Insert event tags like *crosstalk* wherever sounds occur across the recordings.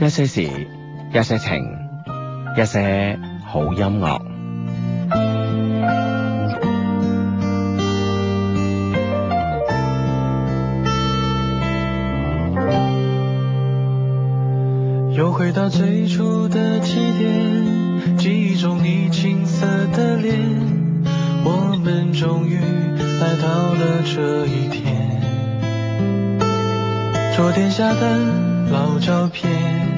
一些事，一些情，一些好音樂。又回到最初的起點，記憶中你青澀的臉，我們終於來到了這一天。桌墊下的老照片。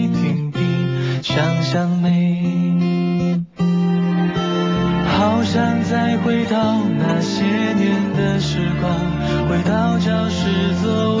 想象美，好想再回到那些年的時光，回到教室坐。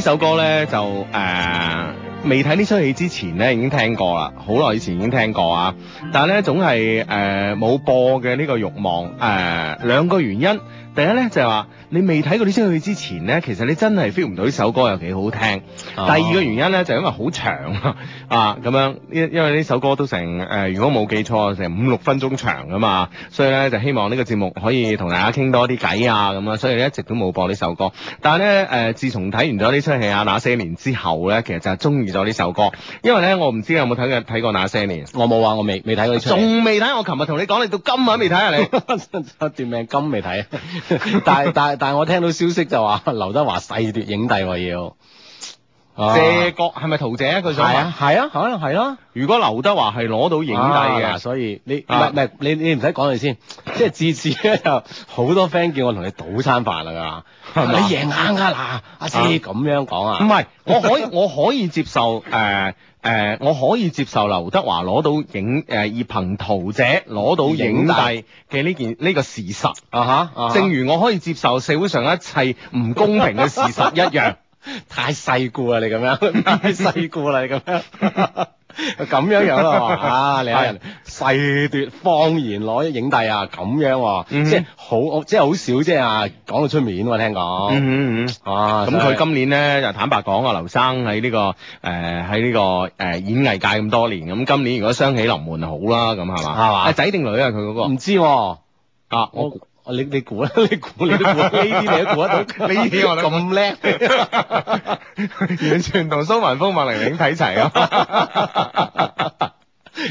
呢首歌咧就誒未睇呢出戲之前咧已經聽過啦，好耐以前已經聽過啊，但係咧總係誒冇播嘅呢個欲望誒、呃、兩個原因，第一咧就係、是、話。你未睇過呢出戲之前呢，其實你真係 feel 唔到呢首歌有幾好聽。Uh huh. 第二個原因呢，就係、因為好長啊，咁樣因因為呢首歌都成誒、呃，如果冇記錯，成五六分鐘長㗎嘛，所以呢，就希望呢個節目可以同大家傾多啲偈啊咁啦，所以一直都冇播呢首歌。但係呢，誒、呃，自從睇完咗呢出戲啊《那些年》之後呢，其實就係中意咗呢首歌，因為呢，我唔知你有冇睇過睇過《那些年》，我我，我冇啊，我未未睇過仲未睇。我琴日同你講，你到今晚未睇啊你？斷命金未睇，但係但係。但係我聽到消息就話：「劉德華世奪影帝我、啊、要。謝國係咪陶姐？佢想係啊，係啊，可能係咯。如果劉德華係攞到影帝嘅，所以你唔係唔係，你你唔使講你先，即係自此咧，就好多 friend 叫我同你賭餐飯啊，係嘛？你贏硬啊，嗱，阿 Sir 咁樣講啊？唔係，我可以我可以接受誒誒，我可以接受劉德華攞到影誒，而憑陶姐攞到影帝嘅呢件呢個事實啊吓，正如我可以接受社會上一切唔公平嘅事實一樣。太世故啦！你咁樣，太世故啦！你咁樣，咁樣樣咯？啊，你啲人世奪方言攞影帝啊，咁樣，即係好，即係好少，即係啊講到出面喎，我聽講。嗯嗯嗯。哦，咁佢今年咧就坦白講啊，劉生喺呢個誒喺呢個誒演藝界咁多年，咁今年如果雙喜臨門好啦，咁係嘛？係嘛？阿仔定女啊？佢嗰個？唔知啊，我。我你你估啦，你估你都估，呢啲你都估得到，呢啲我諗咁叻，完全同蘇文峰、麥玲玲睇齊咁，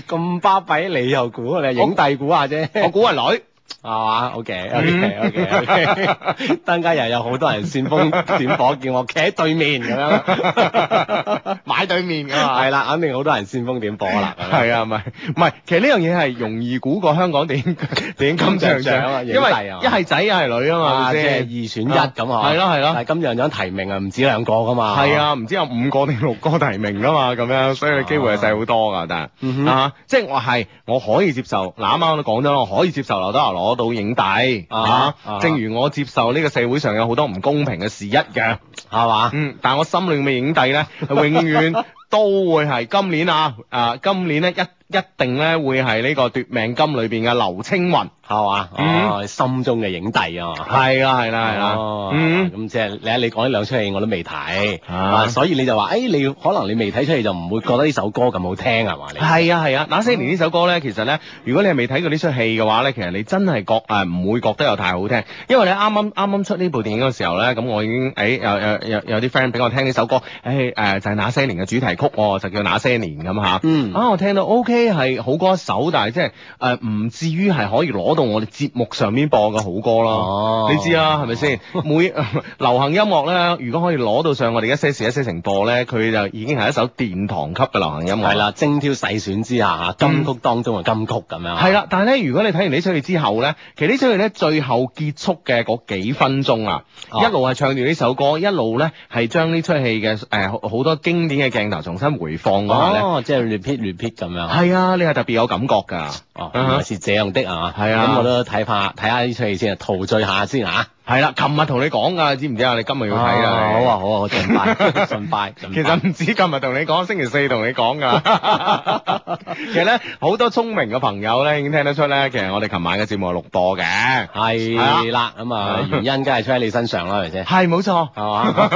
咁巴閉你又估，你影帝估下啫，我估係女。係嘛？OK OK OK OK，等陣間又有好多人煽風點火，叫我企喺對面咁樣，買對面㗎嘛。係啦，肯定好多人煽風點火啦。係啊，唔係唔係，其實呢樣嘢係容易估過香港電影電影金像獎啊，因為一係仔一係女啊嘛，即係二選一咁啊。係咯係咯，但係金像獎提名啊唔止兩個㗎嘛。係啊，唔知有五個定六個提名㗎嘛咁樣，所以機會係細好多㗎，但係啊，即係我係我可以接受。嗱，啱啱我都講咗，我可以接受劉德華攞。攞到影帝啊！啊哈正如我接受呢個社會上有好多唔公平嘅事一嘅，係嘛、啊哈？嗯，但係我心裏嘅影帝咧，永遠 *laughs* 都會係今年啊！啊，今年咧一。一定咧會係呢、這個奪命金裏邊嘅劉青雲係嘛，心中嘅影帝啊，係啦係啦係啦，咁即係你啊，你講呢兩齣戲我都未睇，啊啊，所以你就話誒、欸，你可能你未睇齣嚟就唔會覺得呢首歌咁好聽係嘛，係啊係啊，那些年呢首歌呢，其實呢，如果你係未睇過呢齣戲嘅話呢，其實你真係覺誒唔、呃、會覺得有太好聽，因為你啱啱啱啱出呢部電影嘅時候呢，咁我已經誒、欸、有有有啲 friend 俾我聽呢首歌，誒、欸呃、就係、是、那些年嘅主題曲，啊、就叫那些年咁吓，啊，啊我聽到 OK。啊咧係好歌手，但係即係誒唔至於係可以攞到我哋節目上面播嘅好歌咯。哦、你知啦、啊，係咪先？ *laughs* 每流行音樂呢，如果可以攞到上我哋一些事一些情播呢，佢就已經係一首殿堂級嘅流行音樂。係啦，精挑細選之下，嗯、金曲當中嘅金曲咁樣。係啦，但係呢，如果你睇完呢出戲之後呢，其實呢出戲呢最後結束嘅嗰幾分鐘啊，哦、一路係唱完呢首歌，一路呢係將呢出戲嘅誒好多經典嘅鏡頭重新回放嗰個咧，即係亂撇亂撇咁樣。係啊、哎，你係特別有感覺噶，哦，原來是、uh huh. 這樣的啊，係啊，咁我都睇下睇下呢出戲先啊，陶醉下先吓。係啦，琴日同你講噶，知唔知啊？你今日要睇啊？好啊，好啊，我盡快，盡快。其實唔止琴日同你講，星期四同你講㗎。其實咧，好多聰明嘅朋友咧，已經聽得出咧，其實我哋琴晚嘅節目係錄播嘅。係啦，咁啊，原因梗係出喺你身上啦，係咪先？係，冇錯。係嘛？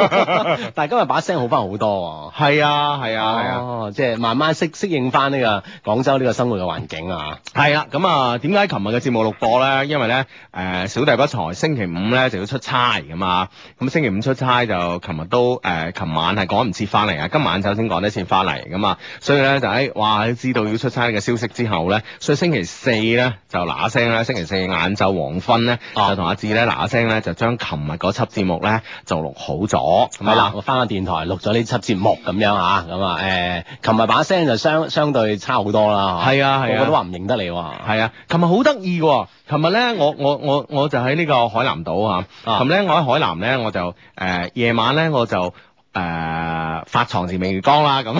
但係今日把聲好翻好多喎。係啊，係啊，係啊。哦，即係慢慢適適應翻呢個廣州呢個生活嘅環境啊。係啦，咁啊，點解琴日嘅節目錄播咧？因為咧，誒，小弟不才，星期五咧。就要出差咁啊，咁星期五出差就琴日都誒琴、呃、晚係趕唔切翻嚟啊，今晚就先趕得切翻嚟噶嘛，所以咧就喺哇，知道要出差嘅消息之後咧，所以星期四咧就嗱嗱聲啦，星期四晏晝黃昏咧、啊、就同阿志咧嗱嗱聲咧就將琴日嗰輯節目咧就錄好咗，係啦，啊啊、我翻去電台錄咗呢輯節目咁樣吓，咁啊誒琴、啊啊、日把聲就相相對差好多啦，係啊係啊，啊我都話唔認得你喎，係啊，琴、啊、日好得意喎，琴日咧我我我我就喺呢個海南島啊。啊，咁咧我喺海南咧，我就誒夜晚咧我就誒發牀前明月光啦咁，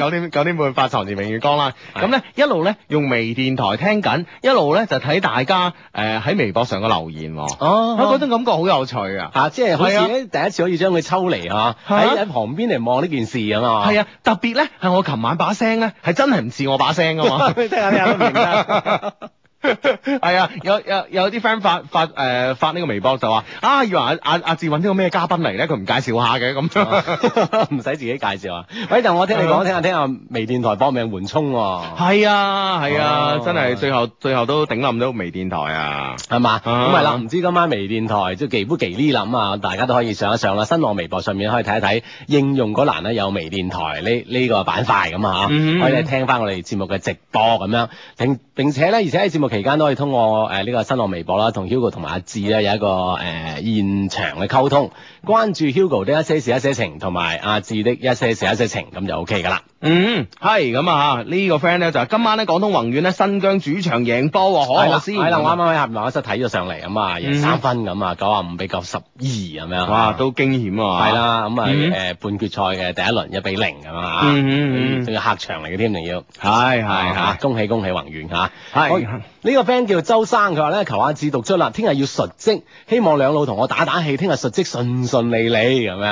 九點九點半發牀前明月光啦。咁咧一路咧用微電台聽緊，一路咧就睇大家誒喺微博上嘅留言。哦，我覺得感覺好有趣啊！嚇，即係好似第一次可以將佢抽離啊。喺喺旁邊嚟望呢件事咁啊嘛。係啊，特別咧係我琴晚把聲咧係真係唔似我把聲啊嘛。聽下聽下係 *laughs* 啊，有有有啲 friend 發發誒、呃、發呢個微博就話啊，以為阿阿志揾呢個咩嘉賓嚟咧，佢唔介紹下嘅咁，唔使、哦、 *laughs* 自己介紹啊。喂，但我聽你講，聽下聽下微電台搏命緩衝喎。係啊係啊，啊啊哦、真係最後最後都頂得咁多微電台啊，係嘛咁係啦。唔知今晚微電台即係幾乎極呢諗啊，大家都可以上一上啦。新浪微博上面可以睇一睇應用嗰欄咧有微電台呢呢個板塊咁啊，可以聽翻我哋節目嘅直播咁樣，樣，並並且咧而且喺節目。期間都可以通過誒呢、呃這個新浪微博啦，同 Hugo 同埋阿志咧有一個誒、呃、現場嘅溝通，關注 Hugo 的一些事一些情，同埋阿志的一些事一些情，咁就 OK 㗎啦。嗯，係咁啊，呢個 friend 咧就今晚咧廣東宏遠咧新疆主場贏波喎，係啦先，係啦啱啱喺下面辦公室睇咗上嚟咁啊嘛，贏三分咁啊，九啊五比九十二咁樣，哇，都驚險啊，係啦，咁啊誒半決賽嘅第一輪一比零咁啊，嗯嗯，仲要客場嚟嘅添，定要，係係嚇，恭喜恭喜宏遠嚇，係，呢個 friend 叫周生，佢話咧求下志讀出嚟，聽日要述職，希望兩老同我打打氣，聽日述職順順利利咁樣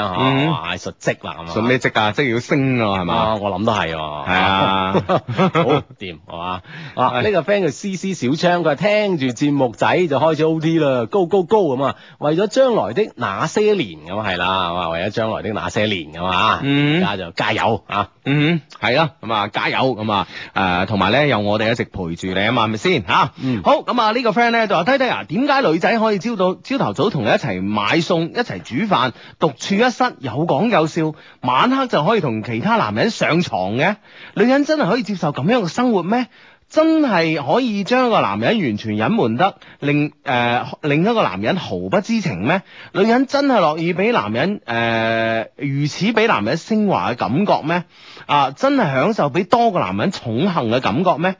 嚇，哇，述職啦，述咩職啊？職要升啊，係嘛？咁都係喎，係啊，啊 *laughs* 好掂， *laughs* 好嘛、 *laughs* 啊啊，啊，呢個 friend 叫 CC 小昌，佢聽住節目仔就開始 O T 啦，高高高咁啊，為咗將來的那些年咁係啦，係、啊、嘛，為咗將來的那些年咁啊嗯，嗯，而家就加油啊，嗯，係啊，咁啊，加油，咁啊，誒，同埋咧，有我哋一直陪住你啊嘛，係咪先？吓，嗯，好，咁啊，呢個 friend 咧就話：，弟弟啊，點解女仔可以朝到朝頭早同你一齊買餸，一齊煮飯，獨處一室有講有笑，晚黑就可以同其他男人上？藏嘅女人真係可以接受咁樣嘅生活咩？真係可以將個男人完全隱瞞得令誒另一個男人毫不知情咩？女人真係樂意俾男人誒、呃、如此俾男人升華嘅感覺咩？啊、呃，真係享受俾多個男人寵幸嘅感覺咩？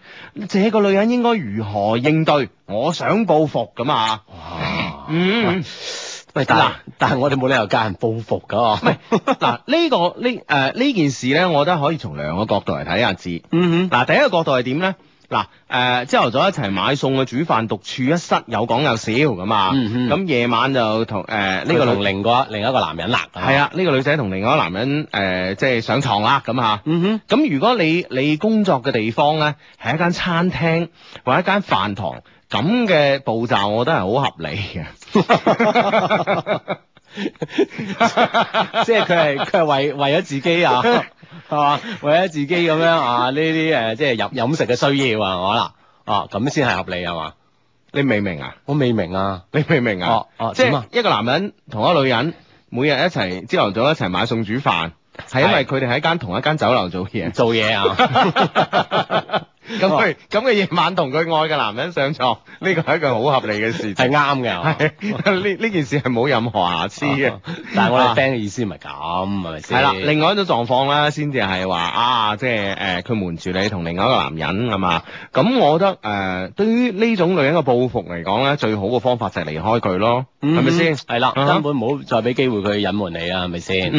這個女人應該如何應對？我想報復㗎嘛！哇嗯 *laughs* 喂，但係我哋冇理由揀人報復噶哦、啊。嗱 *laughs* 呢、 *laughs* 這個呢誒呢件事呢，我覺得可以從兩個角度嚟睇阿志。嗯哼、mm，嗱、hmm. 第一個角度係點呢？嗱誒朝頭早一齊買餸嘅煮飯獨處一室，有講有笑咁啊。咁夜、mm hmm. 晚就同誒呢個同另一個、呃、另一個男人啦。係啊，呢、啊這個女仔同另外一個男人誒、呃、即係上床啦咁嚇。嗯哼，咁、mm hmm. 如果你你工作嘅地方呢，係一間餐廳或一間飯堂咁嘅步驟，我覺得係好合理嘅。 *laughs* 即係佢係佢係為為咗自己啊，係嘛、 *laughs* 啊，為咗自己咁樣啊，呢啲誒，即係飲飲食嘅需要啊，好啦、啊，哦、啊，咁先係合理啊嘛？你未明啊？我未明啊，你未明啊？哦哦、啊，啊、即係一個男人同一個女人每日一齊朝頭早一齊買餸煮飯，係是因為佢哋喺間同一間酒樓做嘢，做嘢事啊！ *laughs* 咁佢咁嘅夜晚同佢愛嘅男人上牀，呢個係一個好合理嘅事，係啱嘅。係呢，呢件事係冇任何瑕疵嘅。但係我哋聽嘅意思唔係咁，係咪先？係啦，另外一種狀況咧，先至係話啊，即係誒，佢瞞住你同另外一個男人係嘛？咁我覺得誒，對於呢種女人嘅報復嚟講咧，最好嘅方法就係離開佢咯，係咪先？係啦，根本唔好再俾機會佢隱瞞你啊，係咪先？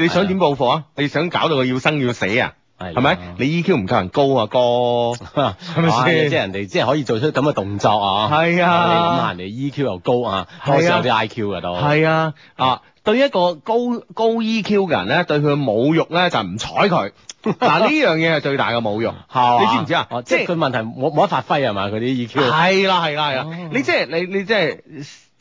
你想點報復啊？你想搞到佢要生要死啊？係咪？你 EQ 唔夠人高啊，哥，係咪先？即係人哋即係可以做出咁嘅動作啊！係啊，你諗下，人哋 EQ 又高啊，開心有啲 IQ 噶都係啊！啊，對一個高高 EQ 嘅人咧，對佢嘅侮辱咧就唔睬佢。嗱呢樣嘢係最大嘅侮辱，你知唔知啊？即係佢問題冇冇得發揮係嘛？佢啲 EQ 係啦係啦係啦，你即係你你即係。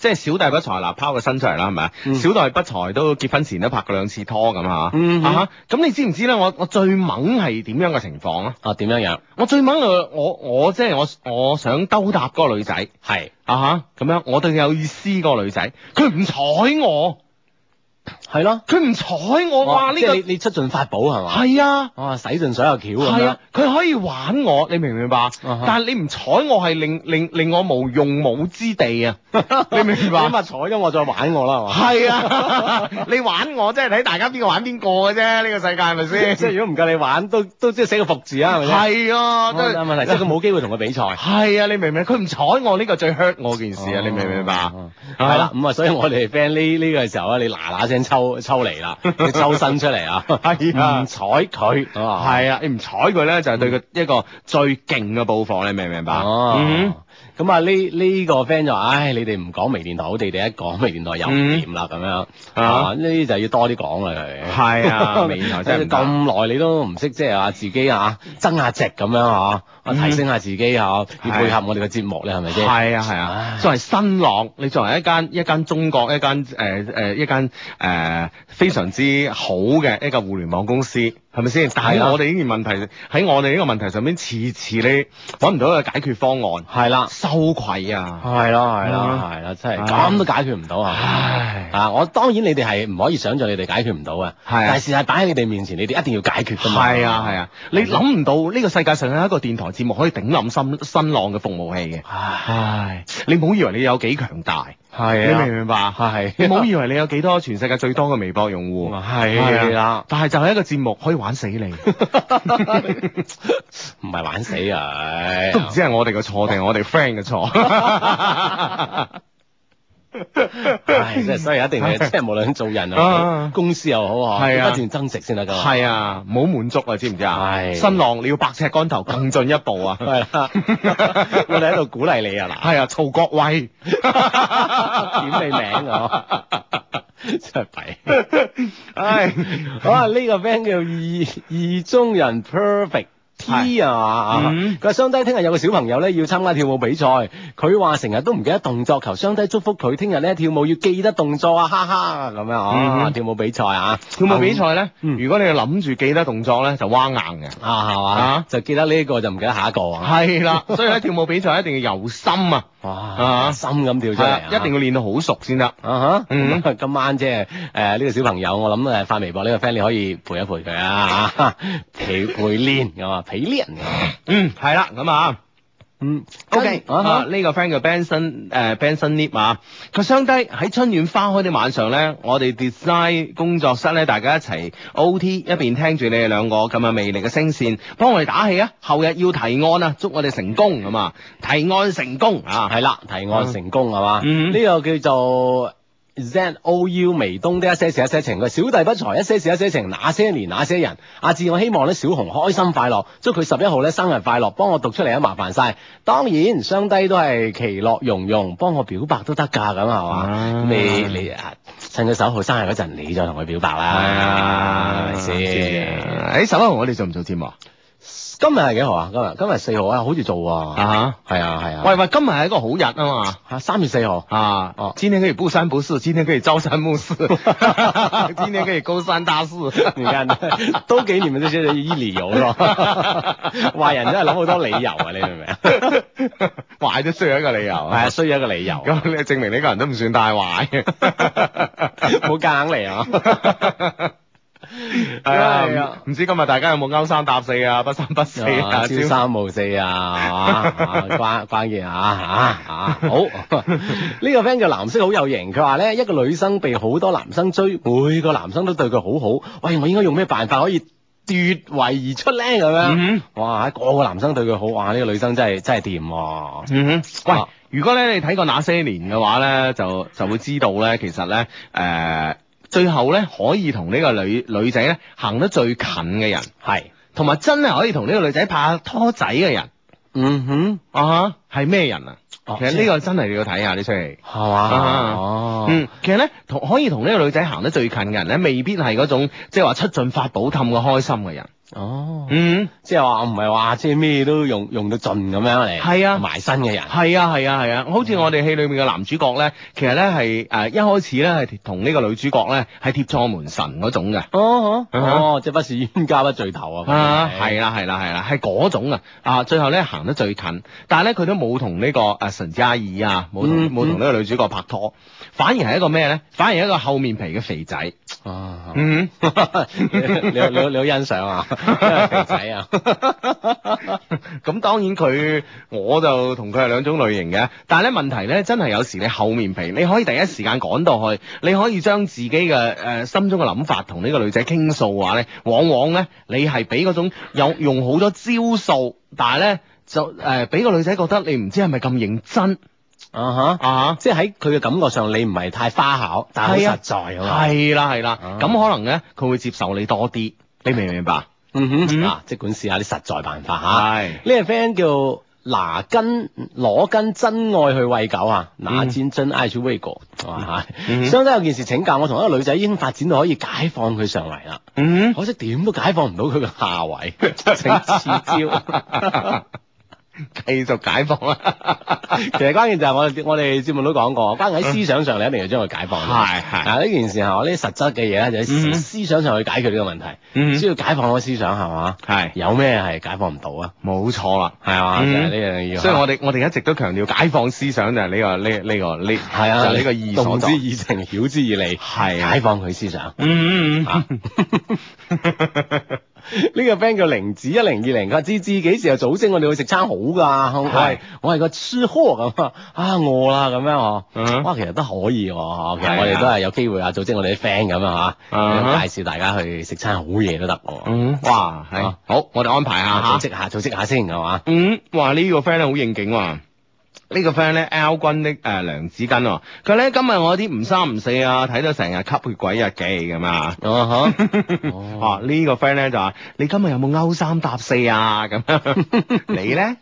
即係小弟不才嗱，拋個身出嚟啦，係咪啊？嗯、小弟不才都結婚前都拍過兩次拖咁啊？吓咁你知唔知咧？我我最猛係點樣嘅情況啊？啊，點樣樣？我最猛、啊、我最猛我即係我、就係、我，我想兜搭嗰個女仔，係啊吓咁樣，我對佢有意思個女仔，佢唔睬我。係咯，佢唔睬我，話呢個你出盡法寶係嘛？係啊，哇使盡所有橋咁樣，係啊，佢可以玩我，你明唔明白？但係你唔睬我，係令令令我無用武之地啊！你明唔明白？咁啊，睬咗我再玩我啦，係嘛？係啊，你玩我即係睇大家邊個玩邊個嘅啫，呢個世界係咪先？即係如果唔夠你玩，都都即係寫個服字啊，係咪？係啊，都冇問題，即係佢冇機會同佢比賽。係啊，你明唔明？佢唔睬我呢個最 hurt 我件事啊，你明唔明白？係啦，咁啊，所以我哋係 friend 呢呢個時候啊，你嗱嗱聲抽。 *laughs* 抽嚟啦，你抽身出嚟 *laughs* 啊，係啊，唔睬佢，係啊，你唔睬佢咧，就係對佢一個最勁嘅報復，你明唔明白？哦。咁啊，呢呢個 friend 就唉，你哋唔講微電台好哋地，第一講微電台又唔掂啦，咁、嗯、樣啊，呢啲就要多啲講啦。係啊，微電台真係咁耐，你都唔識即係話自己啊，增下值咁樣啊，嗯、提升下自己啊，嗯、要配合我哋嘅節目咧，係咪先？係啊，係啊。啊啊哎、作為新浪，你作為一間一間中國一間誒誒一間誒。呃非常之好嘅一個互聯網公司，係咪先？但係我哋呢件問題喺我哋呢個問題上面，次次你揾唔到一個解決方案，係啦，羞愧啊！係啦，係啦，係啦，真係咁都解決唔到啊！唉，啊，我當然你哋係唔可以想象你哋解決唔到嘅，係但係事實擺喺你哋面前，你哋一定要解決㗎嘛！係啊，係啊，你諗唔到呢個世界上有一個電台節目可以頂冧新新浪嘅服務器嘅。唉，你唔好以為你有幾強大。係，啊、你明唔明白？係、啊，你唔好以為你有幾多全世界最多嘅微博用戶。係啦、啊，啊、但係就係一個節目可以玩死你。唔係 *laughs* *laughs* 玩死啊！都唔知係我哋嘅錯定係我哋 friend 嘅錯。 *laughs* *laughs* *laughs* 唉，即係所以一定係，即係無論做人 *laughs* 啊，公司又好啊，係不斷增值先得噶，係啊，唔好滿足啊，知唔知啊？係 *laughs* 新郎你要百尺竿頭更進一步啊，係啦，我哋喺度鼓勵你啊，嗱，係啊，曹國威 *laughs* 點你名啊，真係弊， *laughs* *laughs* 唉，好啊，呢、這個 friend 叫意意中人 perfect。係啊佢話上帝聽日有個小朋友咧要參加跳舞比賽，佢話成日都唔記得動作，求上帝祝福佢聽日咧跳舞要記得動作啊，哈哈咁樣啊，跳舞比賽啊，跳舞比賽咧，如果你要諗住記得動作咧就彎硬嘅啊係嘛，就記得呢一個就唔記得下一個啊。係啦，所以喺跳舞比賽一定要由心啊，啊心咁跳出嚟，一定要練到好熟先得啊哈。今晚即係誒呢個小朋友，我諗誒發微博呢個 friend 你可以陪一陪佢啊，哈，陪陪練咁啊。睇呢人嘅、啊，嗯係啦咁啊，嗯 O K 啊呢個 friend 叫 Benson，誒 Benson l i p 啊，佢、啊呃啊啊、相低喺春暖花開嘅晚上咧，我哋 Design 工作室咧，大家一齊 OT，一邊聽住你哋兩個咁嘅魅力嘅聲線，幫我哋打氣啊！後日要提案啊，祝我哋成功咁啊，提案成功啊，係啦，提案成功係嘛，呢、嗯嗯嗯、個叫做。Z O U 微東的一些事一些情，小弟不才，一些事一些情，那些年那些人。阿志，我希望咧小紅開心快樂，祝佢十一號咧生日快樂，幫我讀出嚟啊，麻煩晒。當然雙低都係其樂融融，幫我表白都得㗎，咁係嘛？你你啊，趁佢十號生日嗰陣，你再同佢表白啦，係咪先？誒，十號我哋做唔做節目？今日係幾號啊？今日今日四號啊，好似做啊，係啊係啊。喂、啊、喂，今日係一個好日啊嘛，吓，三月四號啊，哦、啊啊，今天可以不三不四，今天可以朝三暮四，今天可以勾三搭四， *laughs* 你看，都給你們這些人一理由，係 *laughs* 壞人真係諗好多理由啊，你明唔明啊？壞都需要一個理由，係啊，需要 *laughs* 一個理由、啊，咁你、 *laughs* 啊、 *laughs* 證明你個人都唔算太壞，冇夾硬嚟啊！ *laughs* *laughs* *laughs* 係啊，唔、嗯 *noise* 嗯、知今日大家有冇勾三搭四啊，不三不四啊，朝、啊、三暮四啊，係嘛？關關鍵啊，吓、啊、吓、啊啊啊、好。呢、這個 friend 就藍色好有型，佢話咧一個女生被好多男生追，每個男生都對佢好好。喂，我應該用咩辦法可以脫穎而出咧？咁樣，mm hmm. 哇！喺個個男生對佢好，哇！呢、這個女生真係真係掂、啊。Mm hmm. 嗯哼。喂，如果咧你睇過那些年嘅話咧，就就會知道咧，其實咧誒。呃最後咧可以同呢個女女仔咧行得最近嘅人係，同埋是真係可以同呢個女仔拍拖仔嘅人，嗯哼、mm hmm. uh huh. 啊，係咩人啊，啊、嗯？其實呢個真係你要睇下啲出嚟係嘛？哦，嗯，其實咧同可以同呢個女仔行得最近嘅人咧，未必係嗰種即係話出盡法寶氹佢開心嘅人。哦，嗯，即係話我唔係話，即係咩都用用到盡咁樣嚟，係啊，埋身嘅人，係啊係啊係啊，好似我哋戲裏面嘅男主角咧，其實咧係誒一開始咧係同呢個女主角咧係貼錯門神嗰種嘅，哦哦哦，即係不是冤家不聚頭啊，係啦係啦係啦，係嗰種啊，啊最後咧行得最近，但係咧佢都冇同呢個誒神之阿耳啊，冇冇同呢個女主角拍拖，反而係一個咩咧，反而係一個厚面皮嘅肥仔。啊，嗯， *laughs* 你你你好欣賞啊，肥仔啊，咁 *laughs* 當然佢，我就同佢係兩種類型嘅，但係咧問題咧，真係有時你厚面皮，你可以第一時間趕到去，你可以將自己嘅誒、呃、心中嘅諗法同呢個女仔傾訴嘅話咧，往往咧你係俾嗰種有用好多招數，但係咧就誒俾、呃、個女仔覺得你唔知係咪咁認真。啊哈啊哈！即喺佢嘅感覺上，你唔係太花巧，但係好實在，係啦係啦，咁可能咧，佢會接受你多啲。你明唔明白？嗯哼，啊，即管試下啲實在辦法嚇。係呢個 friend 叫拿根攞根真愛去餵狗啊，拿尖真挨住餵狗，係嘛？相親有件事請教，我同一個女仔已經發展到可以解放佢上嚟啦。嗯可惜點都解放唔到佢嘅下圍。請此招。繼續解放啦！其實關鍵就係我我哋節目都講過，關鍵喺思想上你一定要將佢解放。係係。啊！呢件事啊，我啲實質嘅嘢就喺思想上去解決呢個問題。需要解放我思想係嘛？係。有咩係解放唔到啊？冇錯啦，係啊，就係呢樣嘢。所以我哋我哋一直都強調解放思想就係呢個呢呢個呢係啊！就係呢個意思。動之以情，曉之以理。係解放佢思想。嗯嗯。呢 *laughs* 個 friend 叫玲子一零二零，佢話：知知幾時又組織我哋去食餐好㗎？係是，我係個吃貨咁啊！啊，餓啦咁樣嗬，哇，其實都可以喎，啊 uh huh. 我哋都係有機會啊，組織我哋啲 friend 咁啊嚇，uh huh. 介紹大家去食餐好嘢都得喎，啊。嗯、uh，huh. *laughs* 哇，係是好， *laughs* 我哋安排下嚇，組織下，組織下先係、啊、嘛。嗯、uh，huh. 哇，呢、這個 friend 咧好應景、啊。呢個 friend 咧，L 君的誒、呃、梁子根喎，佢咧今日我啲唔三唔四啊，睇到成日吸血鬼日記咁啊，哦呢個 friend 咧就話：你今日有冇勾三搭四啊？咁你咧？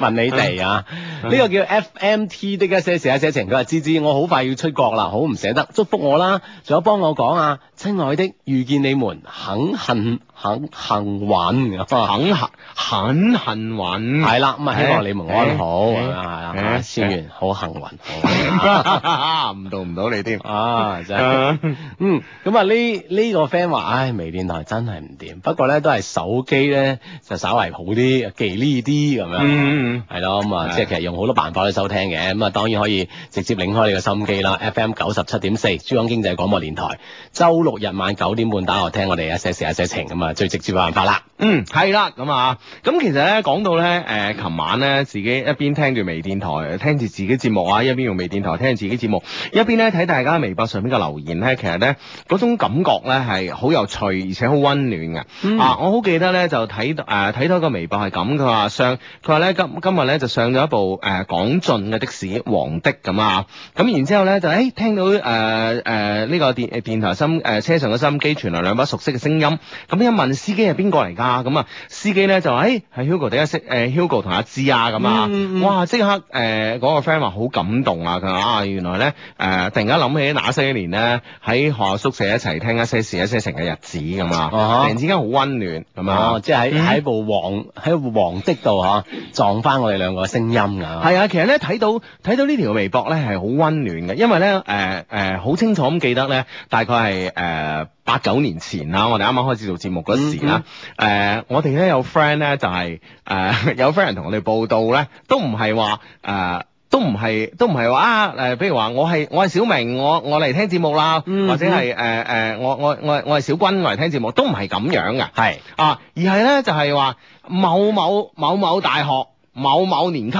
問你哋啊，呢 *laughs* 個叫 FMT 的《一些事一些情》，佢話：芝芝，我好快要出國啦，好唔捨得，祝福我啦，仲有幫我講啊，親愛的，遇見你們，很幸。肯幸運咁肯幸肯幸運係啦，咁啊希望你們安好，係啊，先元好幸運，唔到唔到你添啊，真係嗯咁啊呢呢個 friend 話，唉，微電台真係唔掂，不過咧都係手機咧就稍為好啲，記呢啲咁樣，嗯係咯，咁啊即係其實用好多辦法去收聽嘅，咁啊當然可以直接擰開你個收音機啦，FM 九十七點四，珠江經濟廣播電台，周六日晚九點半打我聽我哋一些事一些情咁啊！最直接嘅辦法啦。嗯，係啦。咁啊，咁其實咧講到咧，誒、呃，琴晚咧自己一邊聽住微電台聽住自己節目啊，一邊用微電台聽住自己節目，一邊咧睇大家微博上邊嘅留言咧，其實咧嗰種感覺咧係好有趣而且好温暖嘅。嗯、啊，我好記得咧就睇誒睇到個微博係咁，佢話上佢話咧今今日咧就上咗一部誒廣、呃、進嘅的、的士黃的咁啊。咁然之後咧就誒、欸、聽到誒誒呢個電電台心誒車上嘅收音機傳來兩把熟悉嘅聲音，咁、嗯、音。嗯嗯問司機係邊個嚟㗎？咁啊，司機咧就話：誒係 Hugo，第一間識 Hugo 同阿芝啊，咁啊，哇！即刻誒嗰個 friend 話好感動啊，佢話啊，原來咧誒，突然間諗起那些年咧喺學校宿舍一齊聽一些事一些情嘅日子咁啊，突然之間好温暖咁啊，即係喺喺部黃喺部黃色度呵，撞翻我哋兩個聲音㗎。係啊，其實咧睇到睇到呢條微博咧係好温暖嘅，因為咧誒誒好清楚咁記得咧，大概係誒。八九年前啦，我哋啱啱開始做節目嗰時啦，誒、mm hmm. 呃，我哋咧有 friend 咧就係，誒，有 friend 同、就是呃、我哋報道咧，都唔係話，誒、呃，都唔係，都唔係話啊，誒，比如話我係我係小明，我我嚟聽節目啦，mm hmm. 或者係，誒，誒，我我我我係小軍嚟聽節目，都唔係咁樣嘅，係，啊，而係咧就係、係、話某某某某大學某某年級。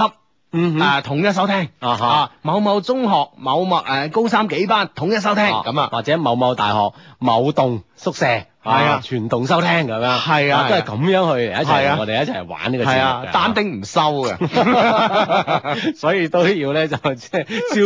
嗯，啊，統一收聽啊哈啊，某某中學某某誒、呃、高三幾班統一收聽咁啊，啊或者某某大學某棟。宿舍係啊，全棟收聽咁樣，係啊，都係咁樣去一齊，我哋一齊玩呢個節目，單丁唔收嘅，所以都要咧就即係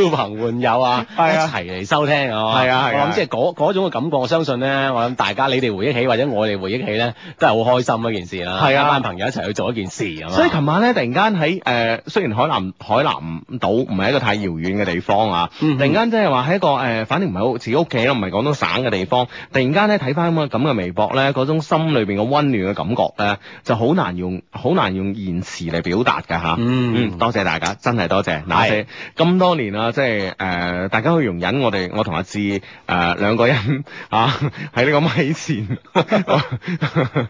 招朋換友啊，一齊嚟收聽係啊，係啊，咁即係嗰嗰種嘅感覺，我相信咧，我諗大家你哋回憶起或者我哋回憶起咧，都係好開心一件事啦，係啊，班朋友一齊去做一件事咁啊。所以琴晚咧突然間喺誒，雖然海南海南島唔係一個太遙遠嘅地方啊，突然間即係話喺一個誒，反正唔係好似自己屋企咯，唔係廣東省嘅地方，突然間咧睇。睇翻咁嘅微博咧，嗰種心裏邊嘅溫暖嘅感覺咧，就好難用好難用言辭嚟表達嘅嚇。嗯，嗯，多謝大家，真係多謝。嗱是，咁多年啦，即係誒，大家去容忍我哋我同阿志誒、呃、兩個人啊喺呢個咪前。 *laughs* *laughs* *laughs*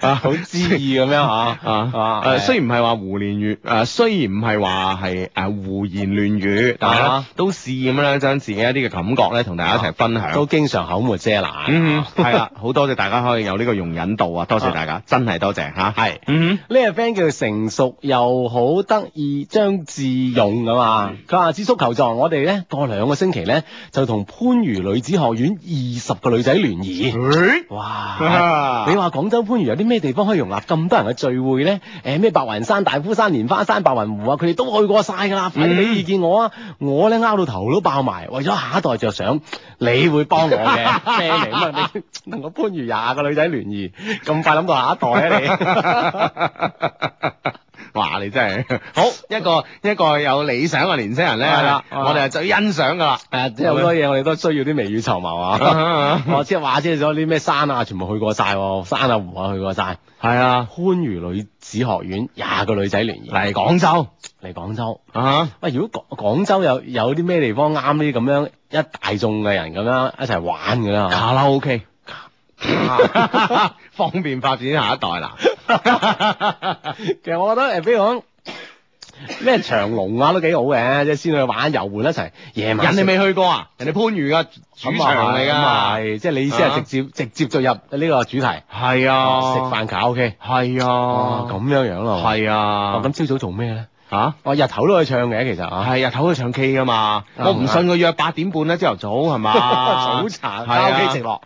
啊，好知意咁樣嚇啊！誒，雖然唔係話胡言亂誒，雖然唔係話係誒胡言亂語，但係都試咁樣咧，將自己一啲嘅感覺咧，同大家一齊分享。都經常口沒遮攔，係啦，好多謝大家可以有呢個容忍度啊！多謝大家，真係多謝嚇。係，嗯呢個 friend 叫成熟又好得意張志勇啊嘛，佢話，芝叔求助，我哋咧過兩個星期咧，就同番禺女子學院二十個女仔聯誼。哇！你話廣州番？番禺有啲咩地方可以容納咁多人嘅聚會咧？誒、呃、咩白雲山、大夫山、蓮花山、白雲湖啊，佢哋都去過晒㗎啦。嗯、你意見我啊，我咧拗到頭都爆埋，為咗下一代着想，你會幫我嘅咩嚟？咁啊， *laughs* 你同個番禺廿個女仔聯誼，咁快諗到下一代啊你？ *laughs* *laughs* 哇！你真係好一個一個有理想嘅年輕人咧， *laughs* 了 *laughs* 我哋係最欣賞㗎啦。誒，有好多嘢我哋都需要啲未雨綢繆啊！我、 *laughs* *laughs* 哦、即係話即咗啲咩山啊，全部去過晒；山啊湖啊去過晒！係啊，番禺女子學院廿個女仔聯誼嚟廣州嚟廣州啊！喂 *laughs* *laughs* 如果廣州有有啲咩地方啱呢咁樣一大眾嘅人咁樣一齊玩㗎咧嚇？卡拉 OK。方便發展下一代啦。其實我覺得誒，比如講咩長隆啊，都幾好嘅，即係先去玩遊玩一齊夜晚。人哋未去過啊，人哋番禺嘅主場嚟㗎。咁啊，即係你意思係直接直接就入呢個主題。係啊，食飯搞 K。係啊，咁樣樣咯。係啊，咁朝早做咩咧？嚇，我日頭都去唱嘅，其實啊，係日頭都可以唱 K 㗎嘛。我唔信佢約八點半咧，朝頭早係嘛？早茶搞 K 直落。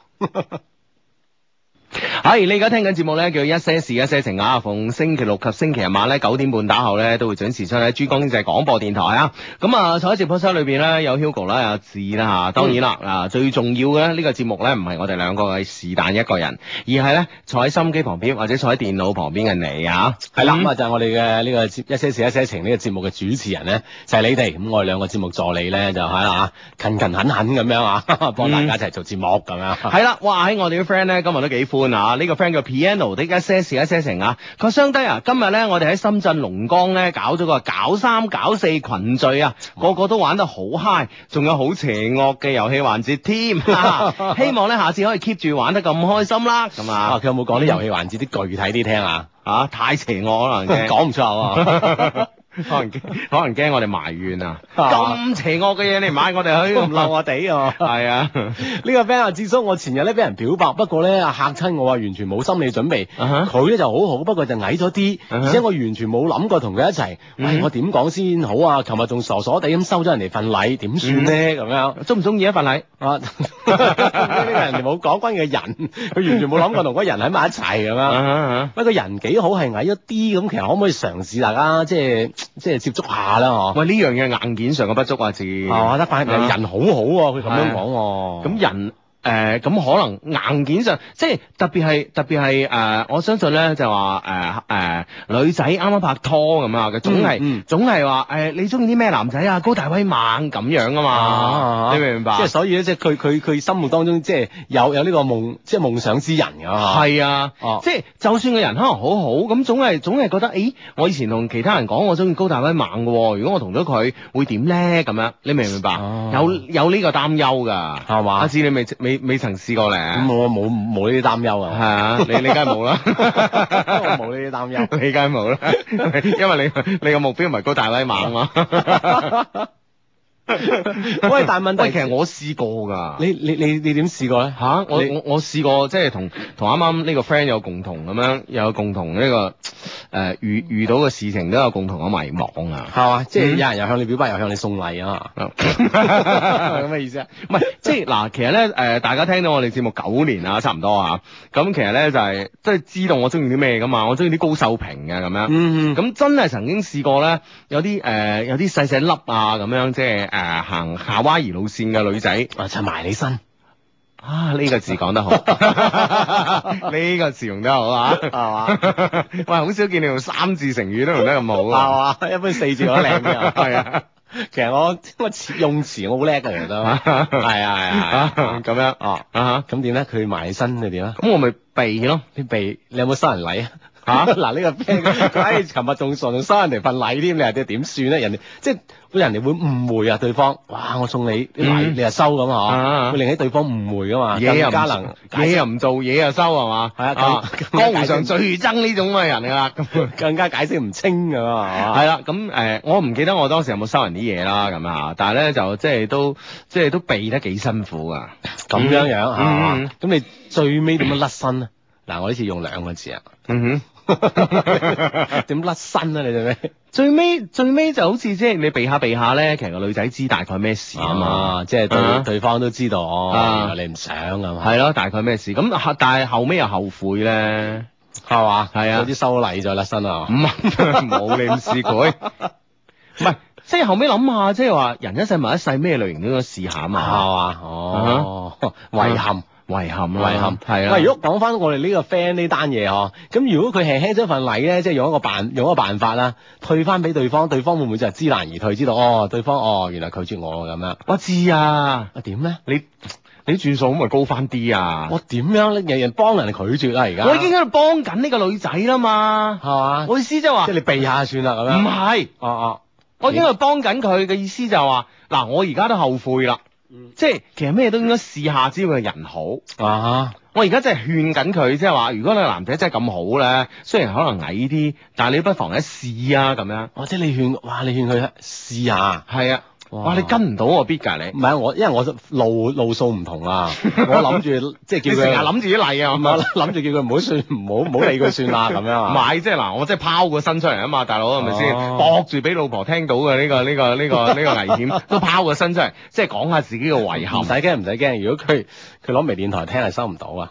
係、啊、你而家聽緊節目咧，叫一些事一些情啊！逢星期六及星期日晚咧九點半打後咧，都會準時出喺珠江經濟廣播電台啊！咁啊，坐喺節目室裏邊咧有 Hugo 啦，有志啦吓，當然啦嗱、嗯啊，最重要嘅，咧呢個節目咧唔係我哋兩個嘅是但一個人，而係咧坐喺收音機旁邊或者坐喺電腦旁邊嘅你啊！係、嗯、啦，咁啊就是、我哋嘅呢個一些事一些情呢個節目嘅主持人咧就係、是、你哋，咁我哋兩個節目助理咧就係、嗯、啊勤勤懇懇咁樣啊，幫大家一齊做節目咁樣。係啦，哇喺我哋啲 friend 咧今日都幾歡。呢個 friend 叫 Piano，佢而家 s 一 set 成啊！佢、這、雙、個、低啊！今日呢，我哋喺深圳龍崗呢搞咗個搞三搞四群聚啊，個個都玩得好 high，仲有好邪惡嘅遊戲環節添。啊、 *laughs* 希望呢下次可以 keep 住玩得咁開心啦。咁啊，佢、啊、有冇講啲遊戲環節啲具體啲聽啊？嚇、啊，太邪惡可能，講唔出。 *laughs* 可能驚，可能驚我哋埋怨啊！咁邪惡嘅嘢你唔買，我哋去唔嬲我哋。係啊，呢個 friend 啊，智叔，我前日咧俾人表白，不過咧嚇親我喎，完全冇心理準備。佢咧就好好，不過就矮咗啲，而且我完全冇諗過同佢一齊。我點講先好啊？琴日仲傻傻地咁收咗人哋份禮，點算咧咁樣？鍾唔鍾意一份禮啊？呢個人哋冇講關於人，佢完全冇諗過同嗰個人喺埋一齊咁樣。不過人幾好，係矮咗啲咁，其實可唔可以嘗試大家即係？即係接觸下啦，嗬、哎！喂，呢樣嘢硬件上嘅不足啊，字、哦、啊，得快唔係人好好、啊、喎，佢咁樣講喎，咁、啊、人。誒，咁可能硬件上，即係特別係特別係誒，我相信咧就話誒誒，女仔啱啱拍拖咁啊，總係總係話誒，你中意啲咩男仔啊？高大威猛咁樣啊嘛，你明唔明白？即係所以咧，即係佢佢佢心目當中即係有有呢個夢，即係夢想之人噶。係啊，即係就算個人可能好好，咁總係總係覺得誒，我以前同其他人講我中意高大威猛噶，如果我同咗佢會點咧？咁樣你明唔明白？有有呢個擔憂噶，係嘛？阿志你未未？你未曾試過咧，咁我冇冇呢啲擔憂啊？係 *laughs* 啊，你你梗係冇啦，我冇呢啲擔憂，你梗係冇啦，因為你你個目標唔係高大威猛啊嘛。 *laughs* 喂，大問題。喂，其實我試過㗎。你你你你點試過咧？吓、啊？我你我我試過即係同同啱啱呢個 friend 有共同咁樣，有共同呢、這個誒遇、呃、遇到嘅事情都有共同嘅迷茫啊。係嘛吧，嗯、即係有人又向你表白，又向你送禮啊嘛。咁嘅意思啊？唔係，即係嗱，其實咧誒、呃，大家聽到我哋節目九年啊，差唔多啊。咁其實咧就係即係知道我中意啲咩㗎嘛，我中意啲高秀平嘅咁樣。咁、嗯、真係曾經試過咧，有啲誒有啲細細粒啊咁樣，即係誒。誒，行夏威夷路綫嘅女仔，我就埋你身啊！呢個字講得好，呢個詞用得好啊，係嘛？喂，好少見你用三字成語都用得咁好啊，係嘛？一般四字都靚啲係啊。其實我我用詞我好叻㗎，其實係啊係啊，咁樣哦咁點咧？佢埋身，你點啊？咁我咪避咯，你避？你有冇收人禮啊？嚇！嗱呢個 friend，哎，琴日仲傻仲收人哋份禮添，你話即點算咧？人哋即會人哋會誤會啊！對方，哇！我送你禮，你又收咁嚇，會令起對方誤會噶嘛？嘢又唔能，嘢又唔做，嘢又收係嘛？係啊，江湖上最憎呢種咁嘅人啦，更加解釋唔清㗎嘛～係啦，咁誒，我唔記得我當時有冇收人啲嘢啦，咁啊，但係咧就即係都即係都避得幾辛苦啊！咁樣樣嚇，咁你最尾點樣甩身咧？但我呢次用兩個字啊。嗯哼。點甩身啊？你哋咩？最尾最尾就好似即係你避下避下咧，其實個女仔知大概咩事啊嘛，即係對對方都知道哦。你唔想啊嘛。係咯，大概咩事？咁但係後尾又後悔咧，係嘛？係啊，有啲修例再甩身啊。唔冇你咁試佢。唔係，即係後尾諗下，即係話人一世物一世，咩類型都應該試下啊嘛。係嘛？哦，遺憾。遺憾，遺憾係啦。喂，如果講翻我哋呢個 friend 呢單嘢嗬，咁如果佢輕輕咗份禮咧，即係用一個辦用一個辦法啦，退翻俾對方，對方會唔會就係知難而退知道？哦，對方哦，原來拒絕我咁樣。我知啊，啊點咧？你轉數你轉數咁咪高翻啲啊？我點樣咧？人人幫人哋拒絕啦，而家。我已經喺度幫緊呢個女仔啦嘛，係嘛？我意思即係話，即係你避下算啦咁樣。唔係，哦哦，我已經喺度幫緊佢嘅意思就係話，嗱，我而家都後悔啦。即係其實咩都應該試下，只要佢人好啊！我而家真係勸緊佢，即係話如果你個男仔真係咁好咧，雖然可能矮啲，但係你不妨一試啊！咁樣或者你勸哇！你勸佢試下，係啊！哇！你跟唔到我 bid 㗎你？唔係啊，我因為我路路數唔同啦。我諗住即係叫佢成日諗住啲嚟啊。諗住叫佢唔好算，唔好唔好理佢算啦咁樣啊。唔係，即係嗱，我即係拋個身出嚟啊嘛，大佬係咪先？駁住俾老婆聽到嘅呢、這個呢、呢個呢、呢個呢、呢個危險都 *laughs* 拋個身出嚟，即係講下自己嘅遺憾。唔使驚，唔使驚，如果佢。攞微電台聽係收唔到啊，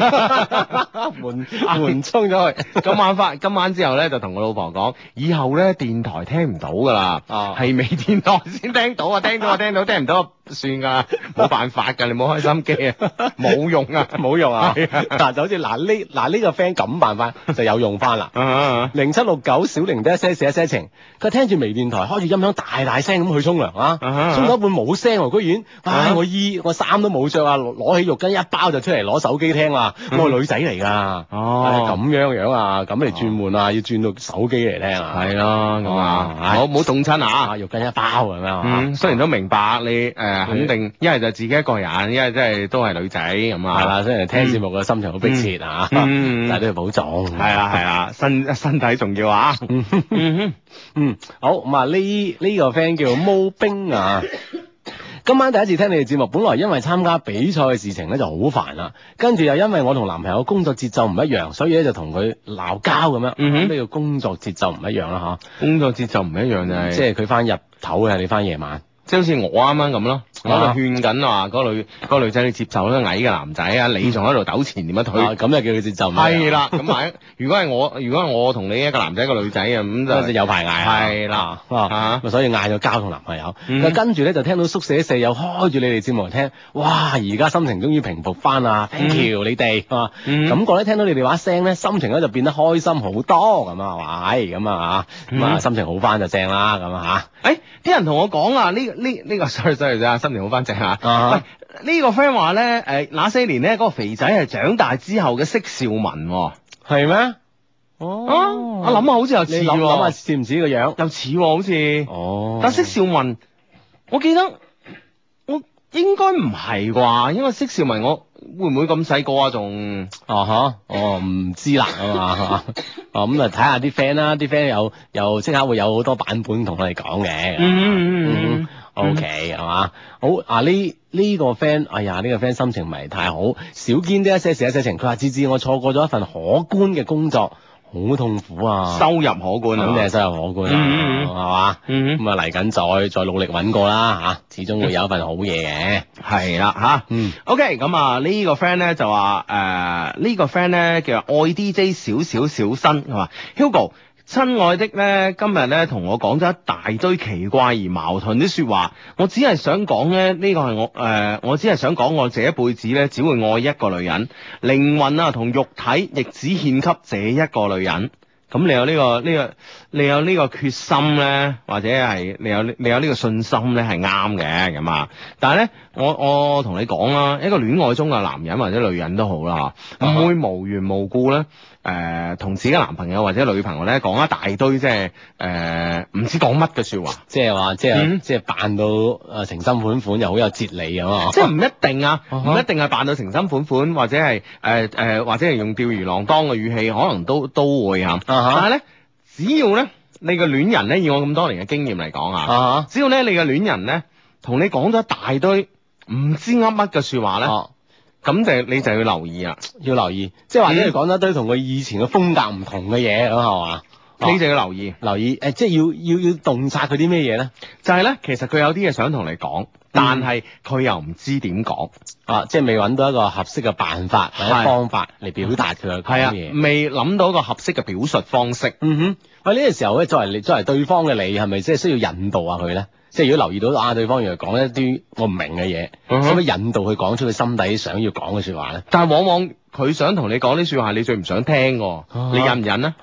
*laughs* *laughs* 門門沖咗去。今晚發，今晚之後咧就同我老婆講，以後咧電台聽唔到噶啦，哦、係微電台先聽到啊，聽到啊，聽到、啊，聽唔到、啊。算噶，冇辦法噶，你冇開心機啊，冇用啊，冇用啊。嗱，就好似嗱呢，嗱呢個 friend 咁辦法就有用翻啦。零七六九小玲啲一些事一些情，佢聽住微電台，開住音響，大大聲咁去沖涼啊。沖到一半冇聲，居然我衣我衫都冇着啊，攞起浴巾一包就出嚟攞手機聽啦。我個女仔嚟㗎，哦咁樣樣啊，咁嚟轉門啊，要轉到手機嚟聽啊。係咯，咁啊，好好凍親啊？浴巾一包咁樣啊。雖然都明白你誒。肯定一係就自己一個人，一係真係都係女仔咁啊，係啦，所以聽節目嘅心情好迫切啊，但係都要保重。係啦，係啦，身身體重要啊。嗯，好咁啊，呢呢個 friend 叫毛冰啊，今晚第一次聽你哋節目，本來因為參加比賽嘅事情咧就好煩啦，跟住又因為我同男朋友工作節奏唔一樣，所以咧就同佢鬧交咁樣。嗯哼。咩叫工作節奏唔一樣啦？嗬？工作節奏唔一樣就係，即係佢翻日頭嘅，你翻夜晚。即好似我啱啱咁咯。我喺度勸緊話：嗰女、嗰女仔，你接受啦矮嘅男仔啊！你仲喺度抖錢點樣推？咁就叫佢接受。係啦，咁埋。如果係我，如果係我同你一個男仔一個女仔啊，咁就有排嗌。係啦，啊，所以嗌咗交同男朋友。跟住咧就聽到宿舍舍友開住你哋節目嚟聽，哇！而家心情終於平復翻啦，thank you 你哋啊，感覺咧聽到你哋話聲咧，心情咧就變得開心好多咁啊，係咁啊嚇，咁啊心情好翻就正啦，咁嚇。誒，啲人同我講啊，呢呢呢個衰衰仔。今年好翻正嚇、啊，喂呢、uh huh. 個 friend 話咧，誒那些年咧嗰個肥仔係長大之後嘅釋少文，係咩？哦、oh，啊，我諗啊，好似又似喎，諗下似唔似個樣，又似喎，好似，哦，oh. 但釋少文，我記得我應該唔係啩，因為釋少文我會唔會咁細個啊？仲，哦嚇、uh，哦、huh. 唔知啦，係嘛，咁 *laughs* *laughs* 啊睇下啲 friend 啦，啲 friend 有又即刻會有好多版本同佢哋講嘅，嗯嗯嗯。Hmm. Mm hmm. O.K. 係、right? 嘛？好啊！呢呢、這個 friend，哎呀，呢、這個 friend 心情唔係太好，少見啲一些事一些情。佢話：芝芝，我錯過咗一份可觀嘅工作，好痛苦啊！收入可觀肯定係收入可觀啊，係嘛嗎？咁啊嚟緊再再努力揾過啦嚇，始終會有一份好嘢嘅。係啦嚇， *noise* 嗯。O.K. 咁啊、這個、呢、呃這個 friend 咧就話誒呢個 friend 咧叫做愛 D.J. 少少小新係嘛？Hugo 親愛的呢，今日呢，同我講咗一大堆奇怪而矛盾啲說話，我只係想講呢，呢，呢個係我誒、呃，我只係想講我這一輩子呢，只會愛一個女人，靈魂啊同肉體亦只獻給這一個女人。咁你有呢個呢個？這個你有呢個決心呢，或者係你有你有呢個信心呢，係啱嘅咁啊！但係呢，我我同你講啦，一個戀愛中嘅男人或者女人都好啦嚇，唔會無緣無故呢，誒、呃，同自己男朋友或者女朋友呢講一大堆即係誒唔知講乜嘅説話，即係話即係即係扮到誒情深款款又好有哲理啊嘛。即係唔一定啊，唔、uh huh. 一定係扮到情深款款，或者係誒誒，或者係用吊兒郎當嘅語氣，可能都都會啊。Uh huh. 但係呢。只要咧，你個戀人咧，以我咁多年嘅經驗嚟講啊，uh huh. 只要咧你個戀人咧，同你講咗一大堆唔知噏乜嘅説話咧，咁、uh huh. 就你就要留意啦，要留意，即係或者佢講咗一堆同佢以前嘅風格唔同嘅嘢，咁係嘛？呢、huh. 你就要留意，留意，誒、呃，即係要要要洞察佢啲咩嘢咧？就係咧，其實佢有啲嘢想同你講。但係佢又唔知點講啊，即係未揾到一個合適嘅辦法或者方法嚟表達佢，係啊，未諗到一個合適嘅表述方式。嗯哼，喂，呢個時候咧，作為你作為對方嘅你，係咪即係需要引導下佢呢？即係如果留意到啊，對方原來講一啲我唔明嘅嘢，可唔可以引導佢講出佢心底想要講嘅説話呢？但係往往佢想同你講啲説話，你最唔想聽喎，嗯哼，你忍唔忍呢？